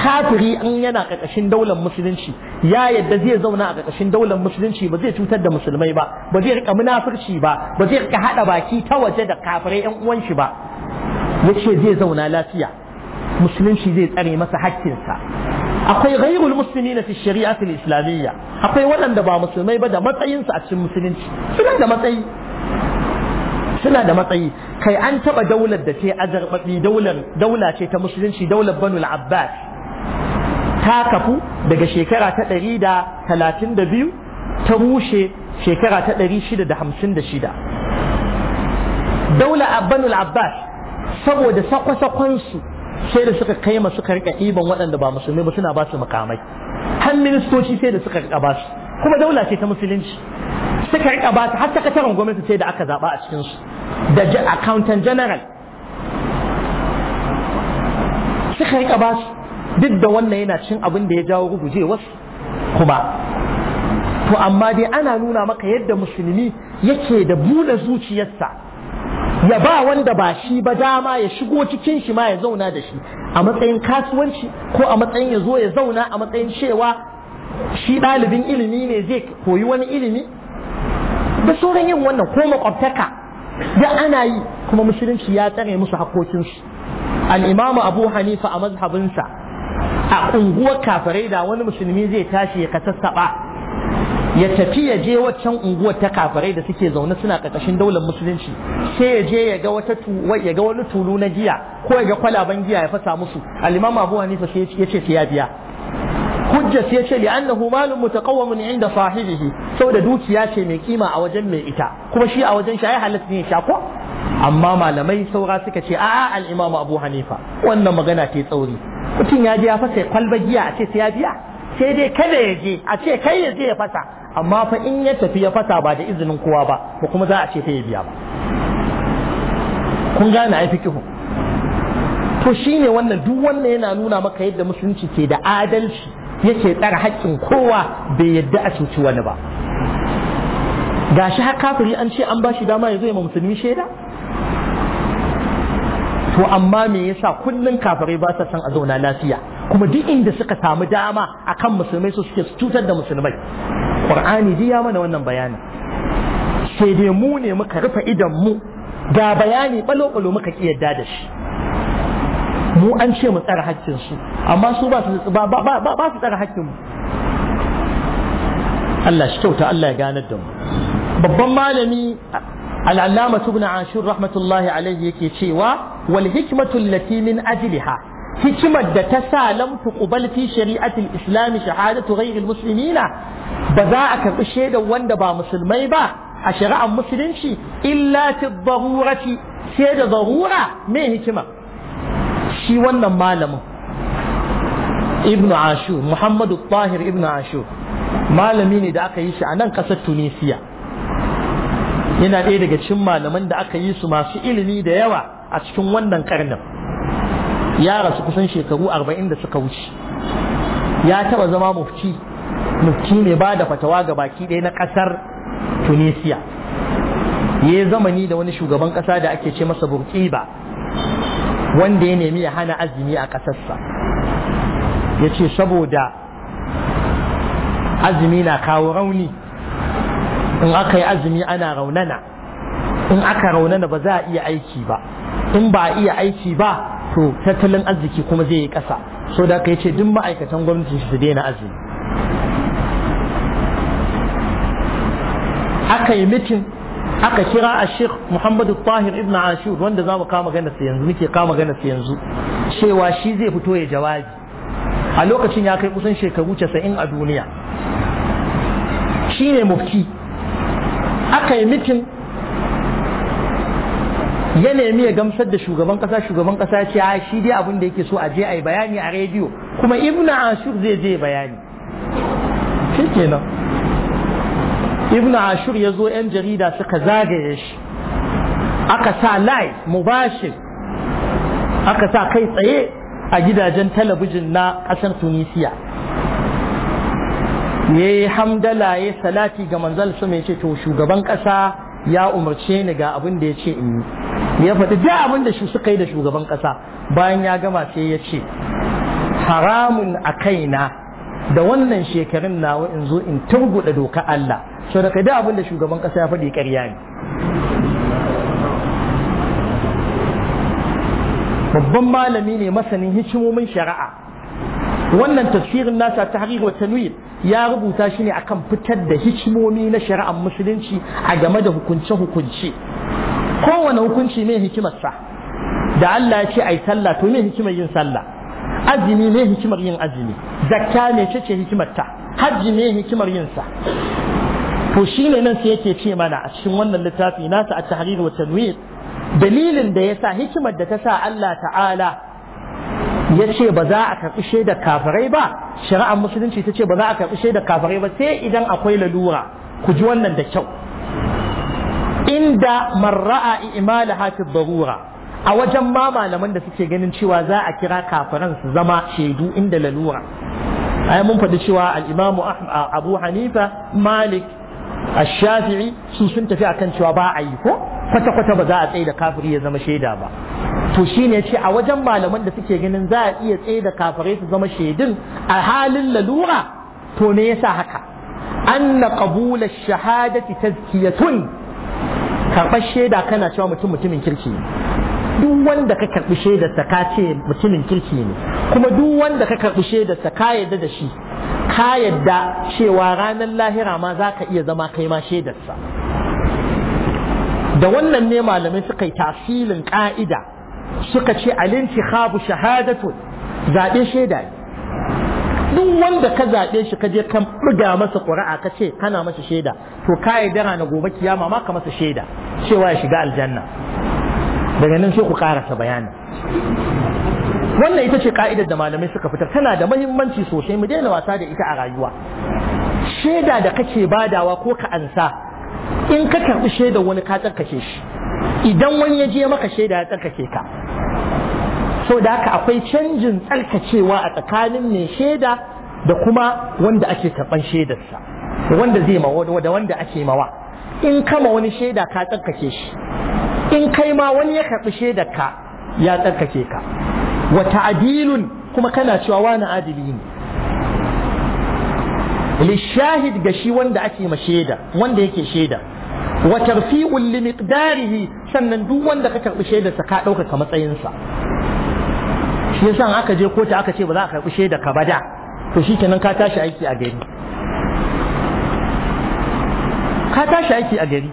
kafiri an yana karkashin daular musulunci ya yadda zai zauna a karkashin daular musulunci ba zai cutar da musulmai ba ba zai rika munafurci ba ba zai rika haɗa baki ta waje da kafirai yan uwan shi ba ya zai zauna lafiya musulunci zai tsare masa haƙƙinsa akwai ghairul musulmi na fi shari'atul islamiyya akwai waɗanda ba musulmai ba da matsayinsu a cikin musulunci suna da matsayi suna da matsayi kai an taba daular da ce azarbabi daular daula ce ta musulunci daular banul abbas ta kafu daga shekara ta ɗari da ta rushe shekara ta ɗari shida da hamsin abbas saboda sakwa su sai da suka kai masu suka rika ɗiban waɗanda ba musulmi ba suna ba su makamai har ministoci sai da suka rika ba su kuma daula ce ta musulunci suka rika ba su har sakataren gwamnati sai da aka zaba a cikin su da accountant general suka rika ba su duk da wannan yana cin abin da ya jawo ruguje wasu kuma to amma dai ana nuna maka yadda musulmi yake da buɗe zuciyarsa ya ba wanda ba shi ba dama ya shigo cikin shi ma ya zauna da shi a matsayin kasuwanci ko a matsayin ya zo ya zauna a matsayin cewa shi ɗalibin ilimi ne zai koyi wani ilimi da sauran yin wannan ko makwabtaka da ana yi kuma musulunci ya tsare musu haƙoƙinsu al'imamu abu hanifa a mazhabinsa a unguwar kafirai da wani musulmi zai tashi ya kasassaɓa ya tafi ya je waccan unguwar ta kafirai da suke zaune suna ƙarƙashin daular musulunci sai ya je ya ga wani tulu na giya ko ya ga kwalaban giya ya fasa musu alimama abu hanifa sai ya ce ya biya hujja sai ce li'annahu malun mutaqawwamun inda sahibihi saboda dukiya ce mai kima a wajen mai ita kuma shi a wajen shi ai halatta ne ya ko amma malamai saura suka ce a'a al-Imam Abu Hanifa wannan magana ce tsauri mutum ya je ya fasa kwalba giya a ce sai ya biya sai dai kada ya je a ce kai ya je ya fasa amma fa in ya tafi ya fasa ba da izinin kowa ba ko kuma za a ce kai ya biya ba kun gane ai fikihu to shine wannan duk wannan yana nuna maka yadda musulunci ke da adalci yake tsara haƙƙin kowa bai yadda a cuci wani ba gashi har kafiri an ce an bashi dama ya zo ya musulmi shaida to amma me yasa kullun kafirai ba sa san a zauna lafiya kuma duk inda suka samu dama akan musulmai su suke cutar da musulmai qur'ani dai ya mana wannan bayani sai dai mu ne muka rufe idan mu ga bayani balo-balo muka ki yadda da shi mu an ce mu tsara haƙƙinsu amma su ba su ba haƙƙinmu Allah shi kyauta Allah ya ganar da mu babban malami al'allama ibn ashur rahmatullahi alaihi yake cewa wal hikmatu allati min ajliha hikimar da ta sa lam tuqbal fi shari'atil islam shahadatu ghayril muslimina ba za a karbi shaidar wanda ba musulmai ba a shari'ar musulunci illa fi darurati sai da zarura me hikima shi wannan malamin ibnu ashu muhammadu tahir Ibn ashu malami ne da aka yi shi a nan ƙasar tunisiya yana ɗaya daga cikin malaman da aka yi su masu ilimi da yawa a cikin wannan karnin ya rasu kusan shekaru arba'in da suka wuce ya taɓa zama mufti mufti mai ba da fatawa ga baki ɗaya na ƙasar tunisiya ya yi zamani da wani shugaban ƙasa da ake ce masa burkiba wanda ya nemi ya hana azumi a ƙasarsa ya ce saboda azumi na kawo rauni in aka yi azumi ana raunana in aka raunana ba za a iya aiki ba in ba a iya aiki ba to tattalin arziki kuma zai yi ƙasa so da aka yi ce duk ma'aikatan gwamnati su daina azumi aka yi mitin aka kira a sheikh muhammadu tahir ibn ashur wanda za mu kama gana sa yanzu muke kama gana sa yanzu cewa shi zai fito ya jawabi a lokacin ya kai kusan shekaru casa'in a duniya shi ne mufti aka yi mitin ya nemi ya gamsar da shugaban kasa shugaban kasa ce a shi dai abin da yake so a je a yi bayani a rediyo kuma ibn ashur zai je bayani shi kenan ibn ashur ya zo 'yan jarida suka zagaye shi aka sa live mubashir aka sa kai tsaye a gidajen talabijin na ƙasar tunisiya ya yi hamdala ya salati ga manzal su mai ce to shugaban ƙasa ya umarce ni ga abin da ya ce in yi ya faɗi da abin da shi suka yi da shugaban ƙasa bayan ya gama sai ya ce haramun a kaina da wannan shekarun nawa in zo in turbuɗe doka Allah so da da abin da shugaban ƙasa ya faɗi ƙarya ne babban malami ne masanin hikimomin shari'a wannan tafsirin nasa ta wa tanwir ya rubuta shi ne akan fitar da hikimomi na shari'ar musulunci a game da hukunce-hukunce kowane hukunci ne hikimarsa da Allah ya ce ai sallah to me hikimar yin sallah azumi ne hikimar yin azumi zakka ne ce ce hikimar ta hajji ne hikimar yin sa to shine nan sai yake ce mana a cikin wannan littafi nasa a tahrir wa tanwir dalilin da yasa hikimar da ta sa Allah ta'ala ya ce ba za a karɓi da kafirai ba shari'ar musulunci ta ce ba za a karɓi da kafirai ba sai idan akwai lalura ku ji wannan da kyau inda marra'a imala hafi barura a wajen ma malaman da suke ganin cewa za a kira kafiran su zama shaidu inda lalura ai mun faɗi cewa al-imamu abu hanifa malik ash-shafi'i su sun tafi akan cewa ba a yi ko kwata kwata ba za a tsaye da kafiri ya zama shaida ba to shine yace a wajen malaman da suke ganin za a iya tsaye da kafirai su zama shaidun a halin lalura to ne yasa haka anna qabula ash-shahadati tazkiyatun karɓar shaida kana cewa mutum mutumin kirki duk wanda ka karbi shaidarsa ka ce mutumin kirki ne kuma duk wanda ka karbi shaidarsa ka yadda da shi ka yadda cewa ranar lahira ma za ka iya zama kai ma shaidarsa da wannan ne malamai suka yi tafsilin ka'ida suka ce alinci khabu shahadatu zaɓe shaida ne duk wanda ka zaɓe shi ka je kan buga masa ƙuri'a ka ce kana masa shaida to ka yadda na gobe kiyama ma ka masa shaida cewa ya shiga aljanna daga nan sai ku karasa bayani wannan ita ce ka'idar da malamai suka fitar tana da mahimmanci sosai mu daina wasa da ita a rayuwa shaida da kake badawa ko ka ansa in ka karɓi shaidar wani ka tsarkake shi idan wani ya je maka shaida ya tsarkake ka so da haka akwai canjin tsarkakewa a tsakanin mai shaida da kuma wanda ake karɓan shaidarsa wanda zai mawa da wanda ake mawa in kama wani shaida ka tsarkake shi in kai ma wani ya karɓi da ka ya tsarkake ka wa ta'dilun kuma kana cewa wani adili ne lishahid ga shi wanda ake ma shaida wanda yake shaida wa tarfi'un li miqdarihi sannan duk wanda ka karɓi shaida sa ka ɗaukaka matsayinsa shi yasa aka je kotu aka ce ba za a karɓi shaida ka ba da to shikenan ka tashi aiki a gari ka tashi aiki a gari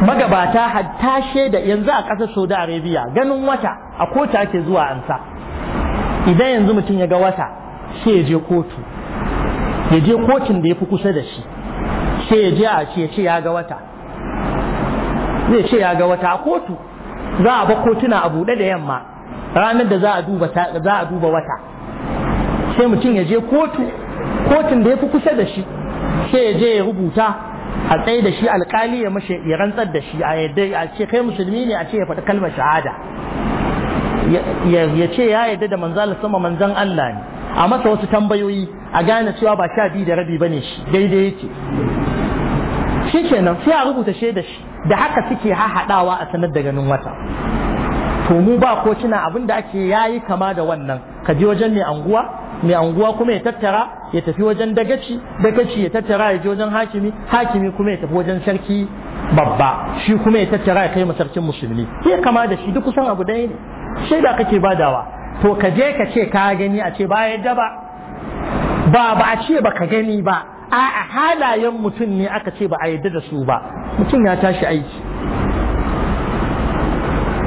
magabata hatta da yanzu a ƙasar saudi arabia ganin wata a kota ake zuwa ansa idan yanzu mutum ya ga wata sai ya je kotu ya je kotun da ya fi kusa da shi sai ya je a ce ya ce ya ga wata zai ce ya ga wata a kotu za a ba kotuna a buɗe da yamma ranar da za a duba za a duba wata sai mutum ya je kotu kotun da ya fi kusa da shi sai ya je ya rubuta a tsaye da shi alkali ya mashi ya rantsar da shi a yadda a ce kai musulmi ne a ce ya faɗi kalmar shahada ya ce ya yadda da manzal sama manzan Allah ne a masa wasu tambayoyi a gane cewa ba sha biyu da rabi bane shi daidai yake shi kenan sai a rubuta da shi da haka suke hahaɗawa a sanar da ganin wata to mu ba ko kina abin da ake yayi kama da wannan ka wajen mai anguwa mai anguwa kuma ya tattara ya tafi wajen dagaci dagaci ya tattara ya je wajen hakimi hakimi kuma ya tafi wajen sarki babba shi kuma ya tattara ya kai sarkin musulmi ya kama da shi duk kusan abu ɗaya ne da kake badawa to ka je ka ce ka gani a ce ba yadda ba ba ba a ce ba ka gani ba a halayen mutum ne aka ce ba a yadda da su ba mutum ya tashi aiki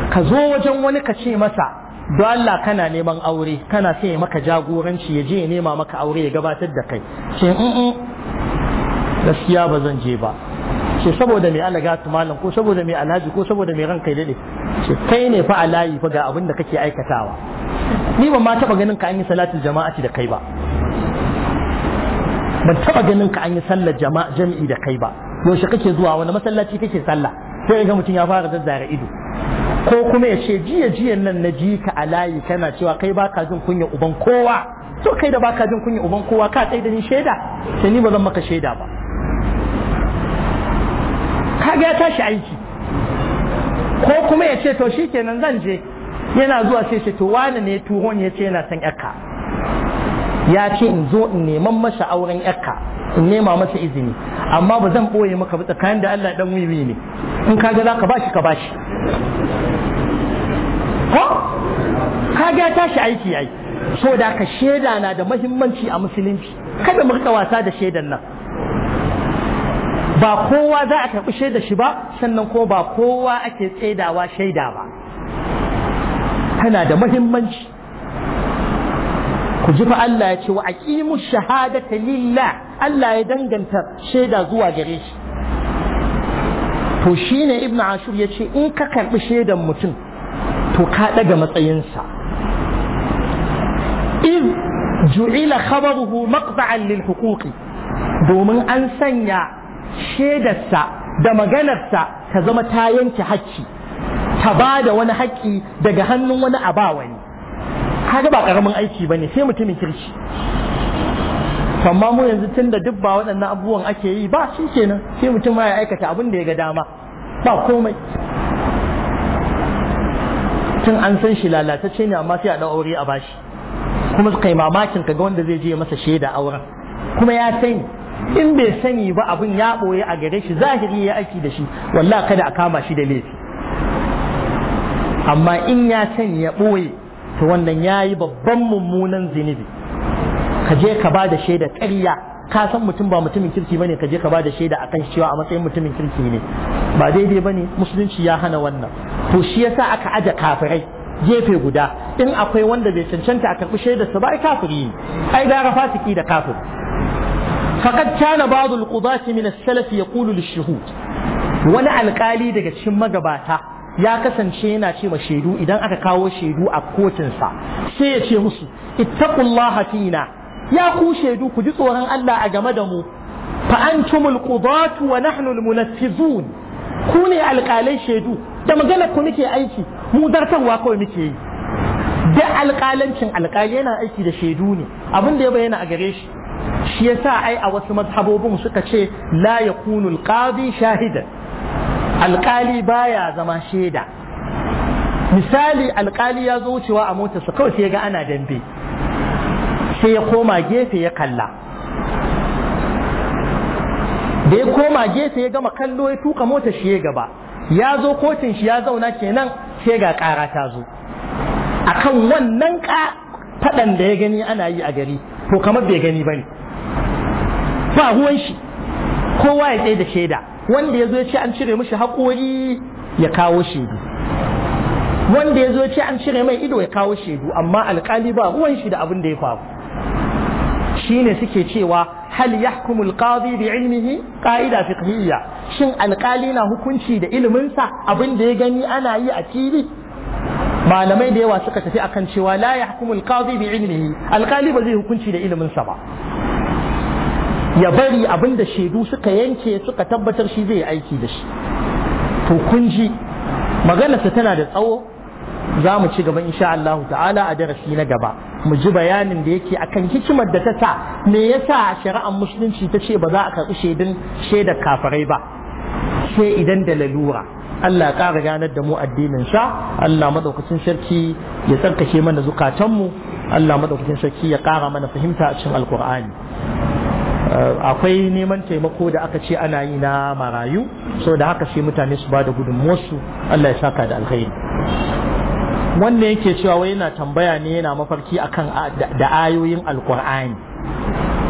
ka zo wajen wani ka ce masa do Allah kana neman aure kana sai maka jagoranci ya je ya nema maka aure ya gabatar da kai ce in mm, mm, gaskiya ba zan je ba ce saboda mai alaga malam ko saboda mai alhaji ko saboda mai ranka daɗe ce kai ne fa alayi fa ga abin da kake aikatawa ni ban ma taɓa ganin ka an yi salatin jama'ati da kai ba ban taɓa ganin ka an yi sallar jama'a jami'i da kai ba yaushe kake zuwa wani masallaci kake sallah sai ga mutum ya fara zazzara ido ko kuma ya ce jiya jiyan nan na ji ka a layi kana cewa kai baka jin kunya uban kowa to kai da baka jin kunya uban kowa ka tsaye da ni shaida sai ni ba zan maka shaida ba kaga ya tashi aiki ko kuma ya ce to shikenan zan je yana zuwa sai ce to wani ne tuhon ya ce yana san yakka ya ce in zo in neman masa auren yakka in nema masa izini amma ba zan ɓoye maka ba tsakanin da Allah dan wiwi ne in ka ga zaka bashi ka bashi ko ka ga tashi aiki ai so da ka shaida na da muhimmanci a musulunci kada mu rika wasa da shaidan nan ba kowa za a tafi shaida shi ba sannan ko ba kowa ake tsaidawa shaida ba tana da muhimmanci ku ji fa Allah ya ce wa aqimu shahadata lillah Allah ya danganta shaida zuwa gare shi to shine ibnu ashur yace in ka karbi shaidan mutum to ka daga matsayinsa iz ju'ila khabaruhu maqta'an lil huquqi domin an sanya shaidarsa da maganarsa ta zama ta yanke hakki ta ba da wani haƙƙi daga hannun wani abawani. ba wani kaga ba ƙaramin aiki ba ne sai mutumin kirki amma mu yanzu tun duk ba waɗannan abubuwan ake yi ba shi kenan sai mutum ma ya aikata abin da ya ga dama ba komai tun an san shi lalatacce ne amma sai a ɗau aure a bashi kuma su kai mamakin kaga wanda zai je masa shaida auren kuma ya sani in bai sani ba abin ya ɓoye a gare shi zahiri ya aiki da shi wallah kada a kama shi da laifi amma in ya sani ya ɓoye to wannan ya yi babban mummunan zunubi ka je ka ba da shaida ƙarya ka san mutum ba mutumin kirki bane ka je ka ba da shaida akan cewa a matsayin mutumin kirki ne ba daidai bane musulunci ya hana wannan to shi yasa aka aje kafirai gefe guda in akwai wanda bai cancanta a karɓi shaidarsa ba ai kafiri ne ai gara fasiki da kafir faqad kana ba'd al-qudati min as-salaf yaqulu lish-shuhud wani alkali daga cikin magabata ya kasance yana ce ma shaidu idan aka kawo shaidu a kotinsa sai ya ce musu ittaqullaha fina ya ku shaidu ku ji tsoron Allah a game da mu fa antumul qudatu wa nahnu al munaffizun ku ne alƙalai shaidu da maganar ku nake aiki mu zartarwa kawai muke yi da alƙalancin alƙali yana aiki da shaidu ne abin da ya bayyana a gare shi shi yasa ai a wasu mazhabobin suka ce la yakunu qadi shahidan alƙali baya zama shaida misali alƙali ya zo wucewa a motarsa kawai sai ga ana dambe sai ya koma gefe ya kalla da ya koma gefe ya gama kallo ya tuka mota shi ya gaba ya zo kotun shi ya zauna kenan sai ga kara ta zo akan wannan ka fadan da ya gani ana yi a gari to kamar bai gani bane ba ruwan shi kowa ya tsaye da shaida wanda ya zo ya ce an cire mishi haƙori ya kawo shaidu wanda ya zo ce an cire mai ido ya kawo shaidu amma alkali ba ruwan shi da abin da ya faru shine suke cewa hal yahkumu alqadi bi ilmihi qa'ida fiqhiyya shin alqali na hukunci da iliminsa abin da ya gani ana yi a fili malamai da yawa suka tafi akan cewa la yahkumu alqadi bi ilmihi alqali ba zai hukunci da iliminsa ba ya bari abin da shaidu suka yanke suka tabbatar shi zai aiki da shi to kun ji maganarsa tana da tsawo za mu ci gaba insha Allah ta'ala a darasi na gaba mu ji bayanin da yake akan hikimar da ta sa me yasa shari'ar musulunci ta ce ba za a karɓi shaidun shaidar kafirai ba sai idan da lalura Allah ya ƙara ganar da mu addinin sa Allah madaukakin sarki ya tsarkake mana zukatanmu Allah madaukakin sarki ya ƙara mana fahimta a cikin alkur'ani eh, akwai neman taimako da aka ce ana yi na marayu saboda haka sai mutane su ba da gudunmuwarsu Allah ya saka da alkhairi wannan yake cewa wai yana tambaya ne yana mafarki akan da ayoyin alkur'ani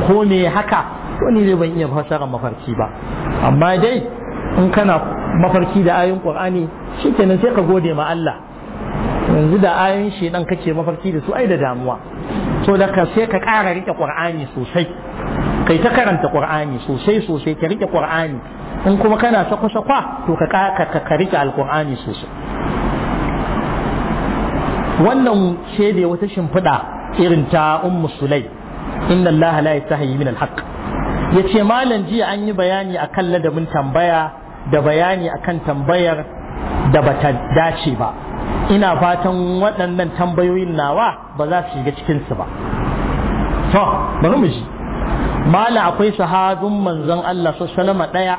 ko me haka ko ni ban iya fasara mafarki ba amma dai in kana mafarki da ayoyin qur'ani shikenan sai ka gode ma Allah yanzu da ayoyin shi dan kake mafarki da su ai da damuwa to da ka sai ka ƙara rike qur'ani sosai kai ta karanta qur'ani sosai sosai ka rike qur'ani in kuma kana sakwa-sakwa to ka ka rike alqur'ani sosai wannan shede wata shimfiɗa irin ta ummu sulai inna allaha la yastahi min alhaq yace malam jiya an yi bayani akan ladabin tambaya da bayani akan tambayar da bata dace ba ina fatan waɗannan tambayoyin nawa ba za su shiga cikinsu ba to bari mu ji Malam akwai sahabin manzon Allah sallama ɗaya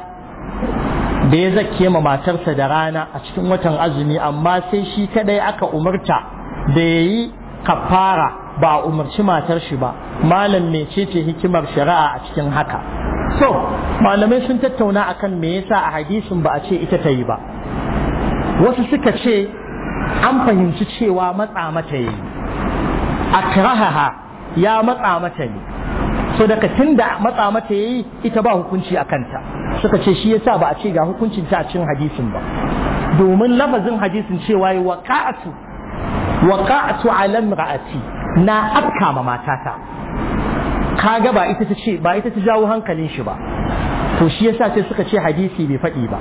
da ya zakke ma matarsa da rana a cikin watan azumi amma sai shi kadai aka umarta da yayi kafara ba a umarci matar shi ba malam mai ce hikimar shari'a a cikin haka so malamai sun tattauna akan me yasa a hadisin ba a ce ita ta yi ba wasu suka ce an fahimci cewa matsa mata yi a akrahaha ya matsa mata ne so daga da matsa mata yi ita ba hukunci a kanta suka ce shi yasa ba a ce ga hukuncin ta a cikin hadisin ba domin lafazin hadisin cewa yi waqa'atu waqa'tu ala imra'ati na afka ma matata kaga ba ita ta ce ba ita ta jawo hankalin shi ba to shi yasa sai suka ce hadisi bai faɗi ba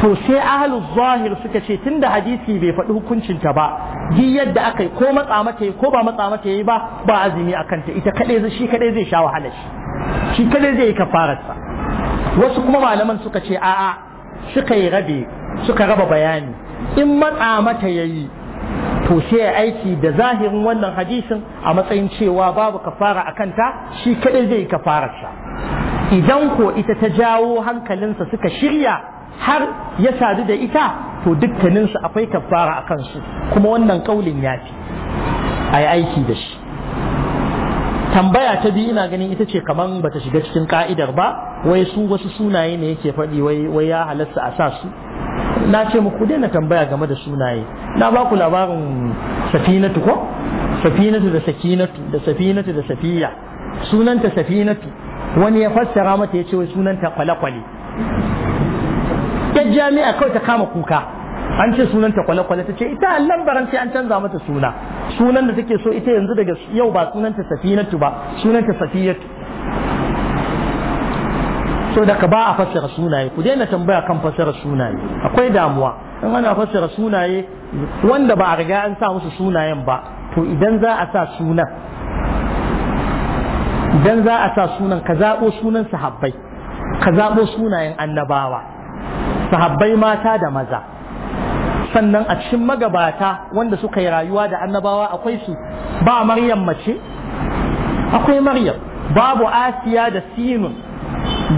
to sai ahlu zahir suka ce tunda hadisi bai faɗi hukuncin ta ba duk yadda aka ko matsa mata ko ba matsa mata yayi ba ba azumi akan ta ita kadai shi kadai zai sha wahala shi shi kadai zai yi kafarar sa wasu kuma malaman suka ce a'a suka yi rabe suka raba bayani in matsa mata yayi to sai aiki da zahirin wannan hadisin a matsayin cewa babu kafara a kanta shi kaɗai zai kafararsa idan ko ita ta jawo hankalinsa suka shirya har ya sadu da ita to dukkaninsu akwai kafara a kansu kuma wannan ƙaulin ya fi a yi aiki da shi tambaya ta biyu ina ganin ita ce kaman bata shiga cikin ka'idar ba wai su wasu sunaye ne yake faɗi wai ya halasta a sa su na ce muku daina tambaya game da sunaye na ba ku labarin safinatu ko safinatu da sakinatu da safinatu da safiya sunanta safinatu wani ya fassara mata ya ce wai sunanta kwale-kwale yar jami'a kawai ta kama kuka an ce sunanta kwale-kwale ta ce ita allan baranci an canza mata suna sunan da take so ita yanzu daga yau ba sunanta safinatu ba sunanta safiyatu da ka ba a fassara sunaye ku daina tambaya kan fassara sunaye akwai damuwa in ana fassara sunaye wanda ba a riga an sa musu sunayen ba to idan za a sa sunan idan za a sa sunan ka zaɓo sunan sahabbai ka zaɓo sunayen annabawa sahabbai mata da maza sannan a cikin magabata wanda suka yi rayuwa da annabawa akwai su ba maryam mace akwai maryam babu asiya da sinun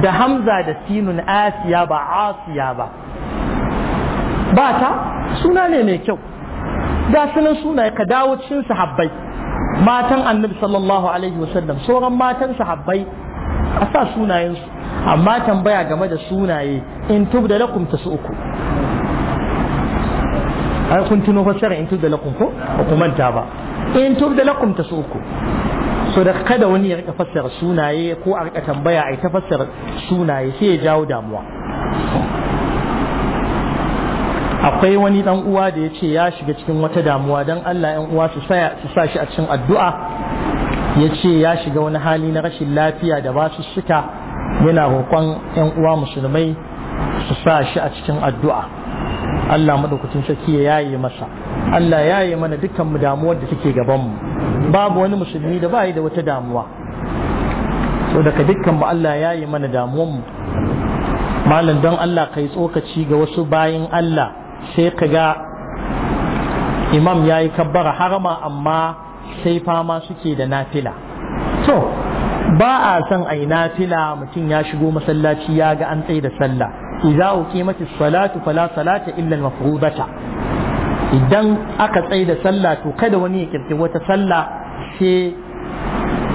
da hamza da sinun asiya ba asiya ba ba ta suna ne mai kyau da sunan suna ka dawo cikin sahabbai matan annabi sallallahu alaihi wasallam sauran matan sahabbai a sa sunayensu amma tambaya game da sunaye in tub tubda lakum uku. ai kun tuno fassara in tubda lakum ko ba ku manta ba in tub tubda lakum uku. so da kada wani ya rika fassara sunaye ko a rika tambaya a ta fassara sunaye sai ya jawo damuwa akwai wani dan uwa da ya ce ya shiga cikin wata damuwa don Allah yan uwa su sa shi a cikin addu'a ya ce ya shiga wani hali na rashin lafiya da ba su suka yana roƙon yan uwa musulmai su sa shi a cikin addu'a Allah madaukakin sarki ya yi masa Allah ya yi mana dukkan mu damuwar da take gaban mu babu wani musulmi da bai da wata damuwa so daga dukkan mu Allah ya yi mana damuwar mu malam don Allah kai tsokaci ga wasu bayin Allah sai ka ga imam ya yi kabbara harama amma sai fama suke da nafila to ba a son a yi nafila mutum ya shigo masallaci ya ga an tsaye da sallah idza uqimatis salatu fala salata illa al idan aka tsaye da sallah to kada wani ya kirki wata sallah sai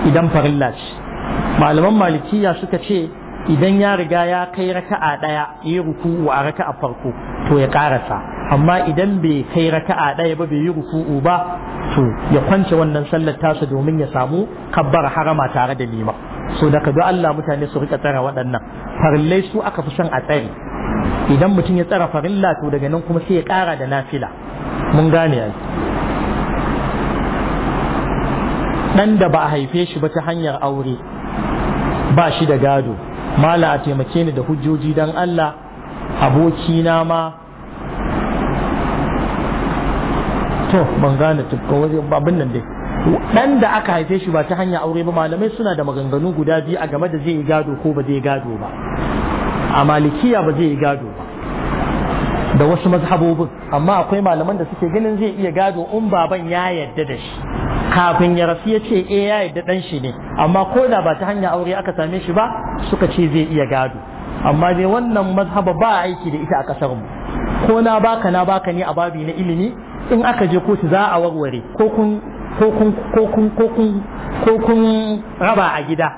idan farilla ce malaman malikiya suka ce idan ya riga ya kai raka'a daya ya ruku'u a raka'a farko to ya karasa amma idan bai kai raka'a daya ba bai yi ruku'u ba to ya kwance wannan sallar tasa domin ya samu kabbar harama tare da liman so da ka Allah mutane su rika tsara waɗannan farillai su aka fi son a tsari idan mutum ya tsara farilla to daga nan kuma sai ya ƙara da nafila mun gane yanzu ɗan da ba a haife shi ba ta hanyar aure ba shi da gado mala a taimake ni da hujjoji don Allah abokina ma to ban gane tukka wajen babin nan dai dan da aka haife shi ba ta hanya aure ba malamai suna da maganganu guda biyu a game da zai yi gado ko ba zai yi gado ba a malikiya ba zai yi gado ba da wasu mazhabobin amma akwai malaman da suke ganin zai iya gado in baban ya yarda da shi kafin ya rasu ya ce e, ya yarda dan shi ne amma ko da ba ta hanya aure aka same shi ba suka ce zai iya gado amma dai wannan mazhaba ba aiki da ita a kasar mu ko na baka na baka ne a babi na ilimi in aka je kotu za a warware ko kun ko kun raba a gida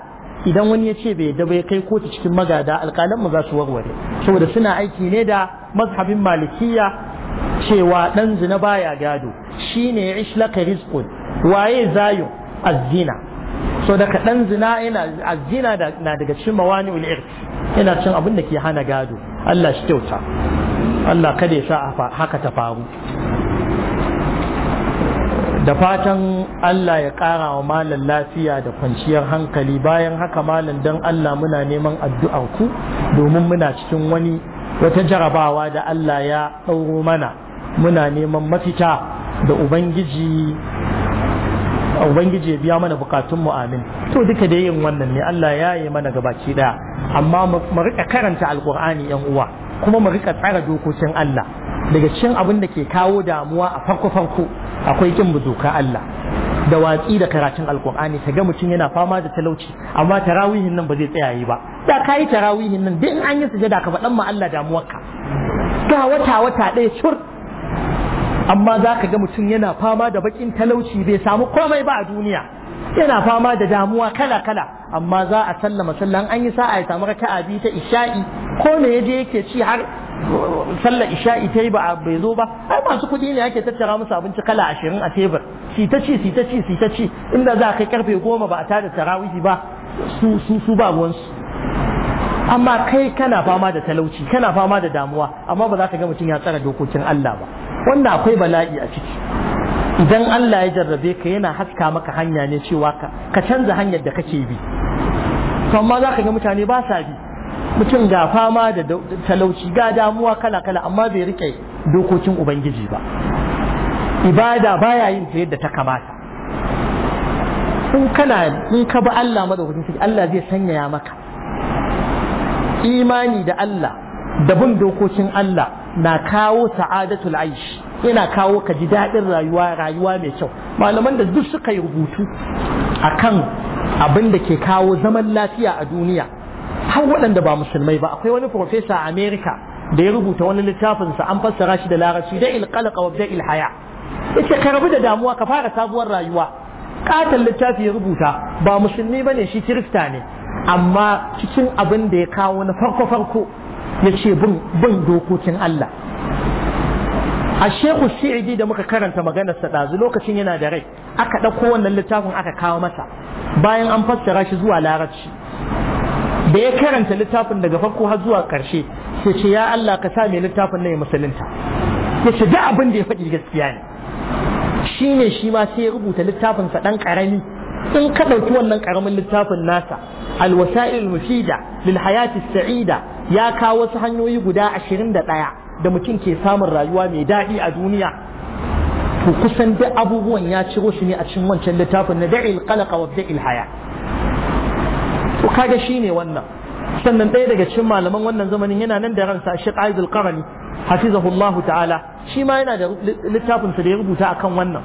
idan wani ya ce bai da bai kai kotu cikin magada alƙalan mu za su warware saboda suna aiki ne da mazhabin malikiya cewa dan zina baya gado shine ishlaka rizqun waye zayo azzina so daga dan zina yana azzina na daga cikin ul irth yana cin abin da ke hana gado Allah shi kyauta Allah kada ya sa haka ta faru da fatan Allah ya ƙara wa malam lafiya da kwanciyar hankali bayan haka malam don Allah muna neman addu'arku, domin muna cikin wani wata jarabawa da Allah ya ɗauro mana muna neman mafita da Ubangiji Ubangiji ya biya mana mu amin to duka da yin wannan ne Allah ya yi mana gabaci daya amma mu riƙa karanta alƙur'ani yan uwa kuma mu rika tsara dokokin Allah daga cikin abin da ke kawo damuwa a farko farko akwai kin doka Allah da watsi da karatun alkur'ani ta ga mutum yana fama da talauci amma tarawihin nan ba zai tsaya yi ba da ka yi tarawihin nan duk in an yi sujada ka faɗan ma Allah damuwarka ga wata wata ɗaya cur amma za ka ga mutum yana fama da bakin talauci bai samu komai ba a duniya yana fama da damuwa kala kala amma za a sallama sallan an yi sa'a ya samu raka'a biyu ta isha'i ko me je yake ci har sallar isha'i ta yi ba bai zo ba ai masu kuɗi ne ake tattara musu abinci kala ashirin a tebur si ta ci si ta ci si ta ci inda za kai karfe goma ba a tada tarawihi ba su su su ba ruwansu amma kai kana fama da talauci kana fama da damuwa amma ba za ka ga mutum ya tsara dokokin Allah ba wannan akwai bala'i a ciki idan Allah ya jarrabe ka yana haska maka hanya ne cewa ka canza hanyar da kake bi to amma za ka ga mutane ba sa bi mutum ga fama da talauci ga damuwa kala kala amma bai rike dokokin ubangiji ba ibada baya yin ta yadda ta kamata in kana in ka bi Allah madaukakin sarki Allah zai sanyaya maka imani da Allah da bin dokokin Allah na kawo sa'adatul aish yana kawo ka ji daɗin rayuwa rayuwa mai kyau malaman da duk suka yi rubutu akan abin da ke kawo zaman lafiya a duniya har waɗanda ba musulmai ba akwai wani profesa a Amerika da ya rubuta wani littafinsa an fassara shi da larabci da ilqalqa wa da ilhaya yace ka rabu da damuwa ka fara sabuwar rayuwa katon littafi ya rubuta ba musulmi ba ne shi kirista ne amma cikin abin da ya kawo na farko farko ya ce bin dokokin Allah a shehu shi'idi da muka karanta maganar sa ɗazu lokacin yana da rai aka ɗauko wannan littafin aka kawo masa bayan an fassara shi zuwa larabci da ya karanta littafin daga farko har zuwa karshe sai ce ya Allah ka sa mai littafin nan ya musulunta ya ce da abin da ya faɗi gaskiya ne shi ne shi ma sai ya rubuta littafin sa dan karami in ka ɗauki wannan karamin littafin nasa alwasa'il mufida lil hayati sa'ida ya kawo wasu hanyoyi guda 21 da mutum ke samun rayuwa mai daɗi a duniya to kusan duk abubuwan ya ciro shi ne a cikin wancan littafin na da'il qalaqa wa da'il haya to kaga shine wannan sannan ɗaya daga cikin malaman wannan zamanin yana nan da ransa Sheikh Aizul Qarani hafizahullahu ta'ala shi ma yana da littafin sa da ya rubuta akan wannan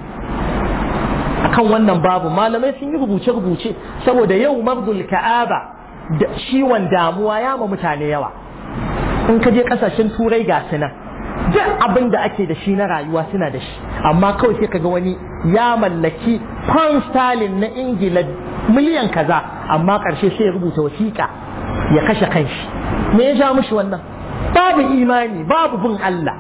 akan wannan babu malamai sun yi rubuce rubuce saboda yau mabdul ka'aba da ciwon damuwa ya ma mutane yawa in ka je kasashen turai ga su nan duk abin da ake da shi na rayuwa suna da shi amma kawai sai ka ga wani ya mallaki pound sterling na ingila miliyan kaza amma karshe sai ya rubuta wasiƙa ya kashe kanshi me ya ja mushi wannan babu imani babu bin Allah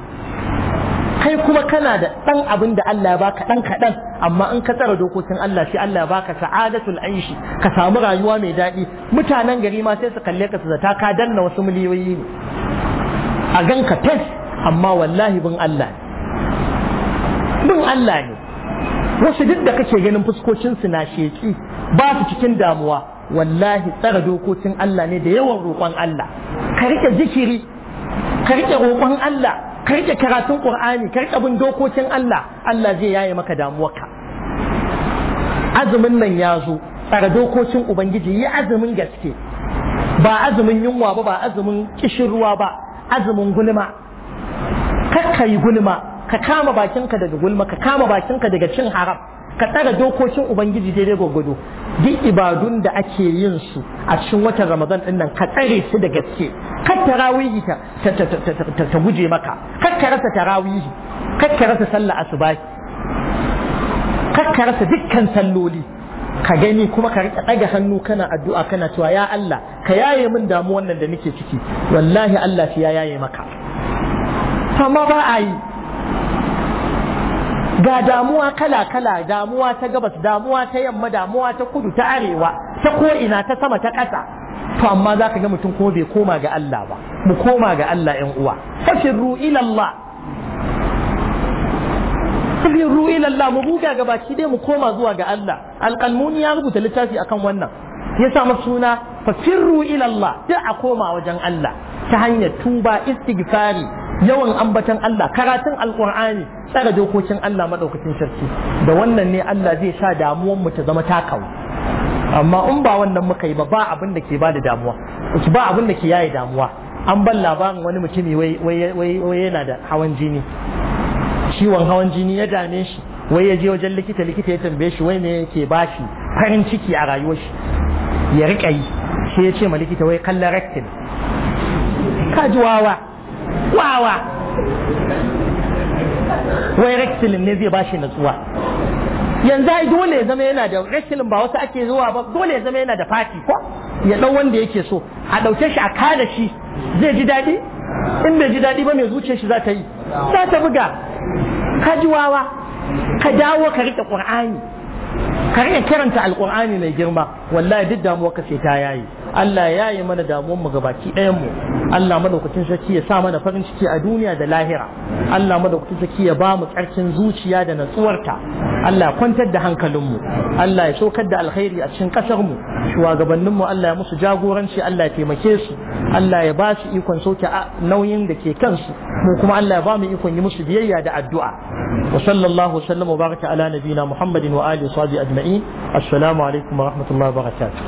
kai kuma kana da ɗan abin da Allah ya baka ɗan kaɗan amma in ka tsara dokokin Allah sai Allah ya baka sa'adatul aishi ka samu rayuwa mai daɗi mutanen gari ma sai su kalle ka su zata ka danna wasu miliyoyi ne a gan ka fes amma wallahi bin Allah ne bin Allah ne wasu duk da kake ganin su na sheki ba su cikin damuwa wallahi tsara dokokin Allah ne da yawan roƙon Allah ka rike zikiri ka rike roƙon Allah ka rike karatun Qur'ani ka rike bin dokokin Allah Allah zai yaye maka damuwarka azumin nan ya zo tsara dokokin Ubangiji yi azumin gaske ba azumin yunwa ba ba azumin kishirwa ba azumin gulma kakkai yi gulma ka kama bakinka daga gulma ka kama bakinka daga cin haram ka tsara dokokin ubangiji daidai gwaggwado duk ibadun da ake yin su a cikin watan ramadan din nan ka tsare su da gaske kar tarawihi ta ta guje maka kar ka rasa tarawihi kar ka rasa sallah asubahi kar ka rasa dukkan salloli ka gani kuma ka rika ɗaga hannu kana addu'a kana cewa ya Allah ka yaye min damuwan nan da nake ciki wallahi Allah shi ya yaye maka amma ba a yi ga damuwa kala-kala damuwa ta gabas damuwa ta yamma damuwa ta kudu ta arewa ta ko'ina ta sama ta ƙasa to amma za ka ga mutum ko bai koma ga Allah ba mu koma ga Allah ‘yan uwa fashirru ilallah fashirru ilallah mu buga ga baki dai mu koma zuwa ga Allah alƙalmuni ya rubuta littafi akan wannan ya sa suna fashirru ilallah duk a koma wajen Allah ta hanyar tuba istighfari yawan ambatan Allah karatun alkur'ani tsara dokokin Allah maɗaukacin sarki da wannan ne Allah zai sa damuwan mu ta zama takawa amma in ba wannan muka yi ba ba abin da ke ba da damuwa ba abin da ke yayi damuwa an ban labarin wani mutumi wai yana da hawan jini ciwon hawan jini ya dame shi wai ya je wajen likita likita ya tambaye shi wai me yake ba shi farin ciki a rayuwar shi ya rika yi sai ya ce ma likita wai kallon rectin ka ji wawa wawa wai rexilin ne zai bashi natsuwa yanzu ai dole ya zama yana da rexilin ba wasu ake zuwa ba dole ya zama yana da fati ko ya dau wanda yake so a dauke shi a kada shi zai ji daɗi in bai ji daɗi ba mai zuciyar shi za ta yi za ta buga ka ji wawa ka dawo ka rike qur'ani ka rike karanta alqur'ani mai girma wallahi duk damuwa ka sai ta yayi Allah ya yi mana damuwar mu gabaki ɗayan mu Allah madaukakin sarki ya sa mana farin ciki a duniya da lahira Allah madaukakin sarki ya ba mu tsarkin zuciya da natsuwarta Allah kwantar da hankalin mu Allah ya saukar da alkhairi a cikin kasar mu shugabannin mu Allah ya musu jagoranci Allah ya taimake su Allah ya ba su ikon sauke nauyin da ke kansu mu kuma Allah ya ba mu ikon yi musu biyayya da addu'a wa sallallahu wa sallama wa baraka ala nabiyina Muhammadin wa alihi wa sahbihi ajma'in assalamu alaikum wa rahmatullahi wa barakatuh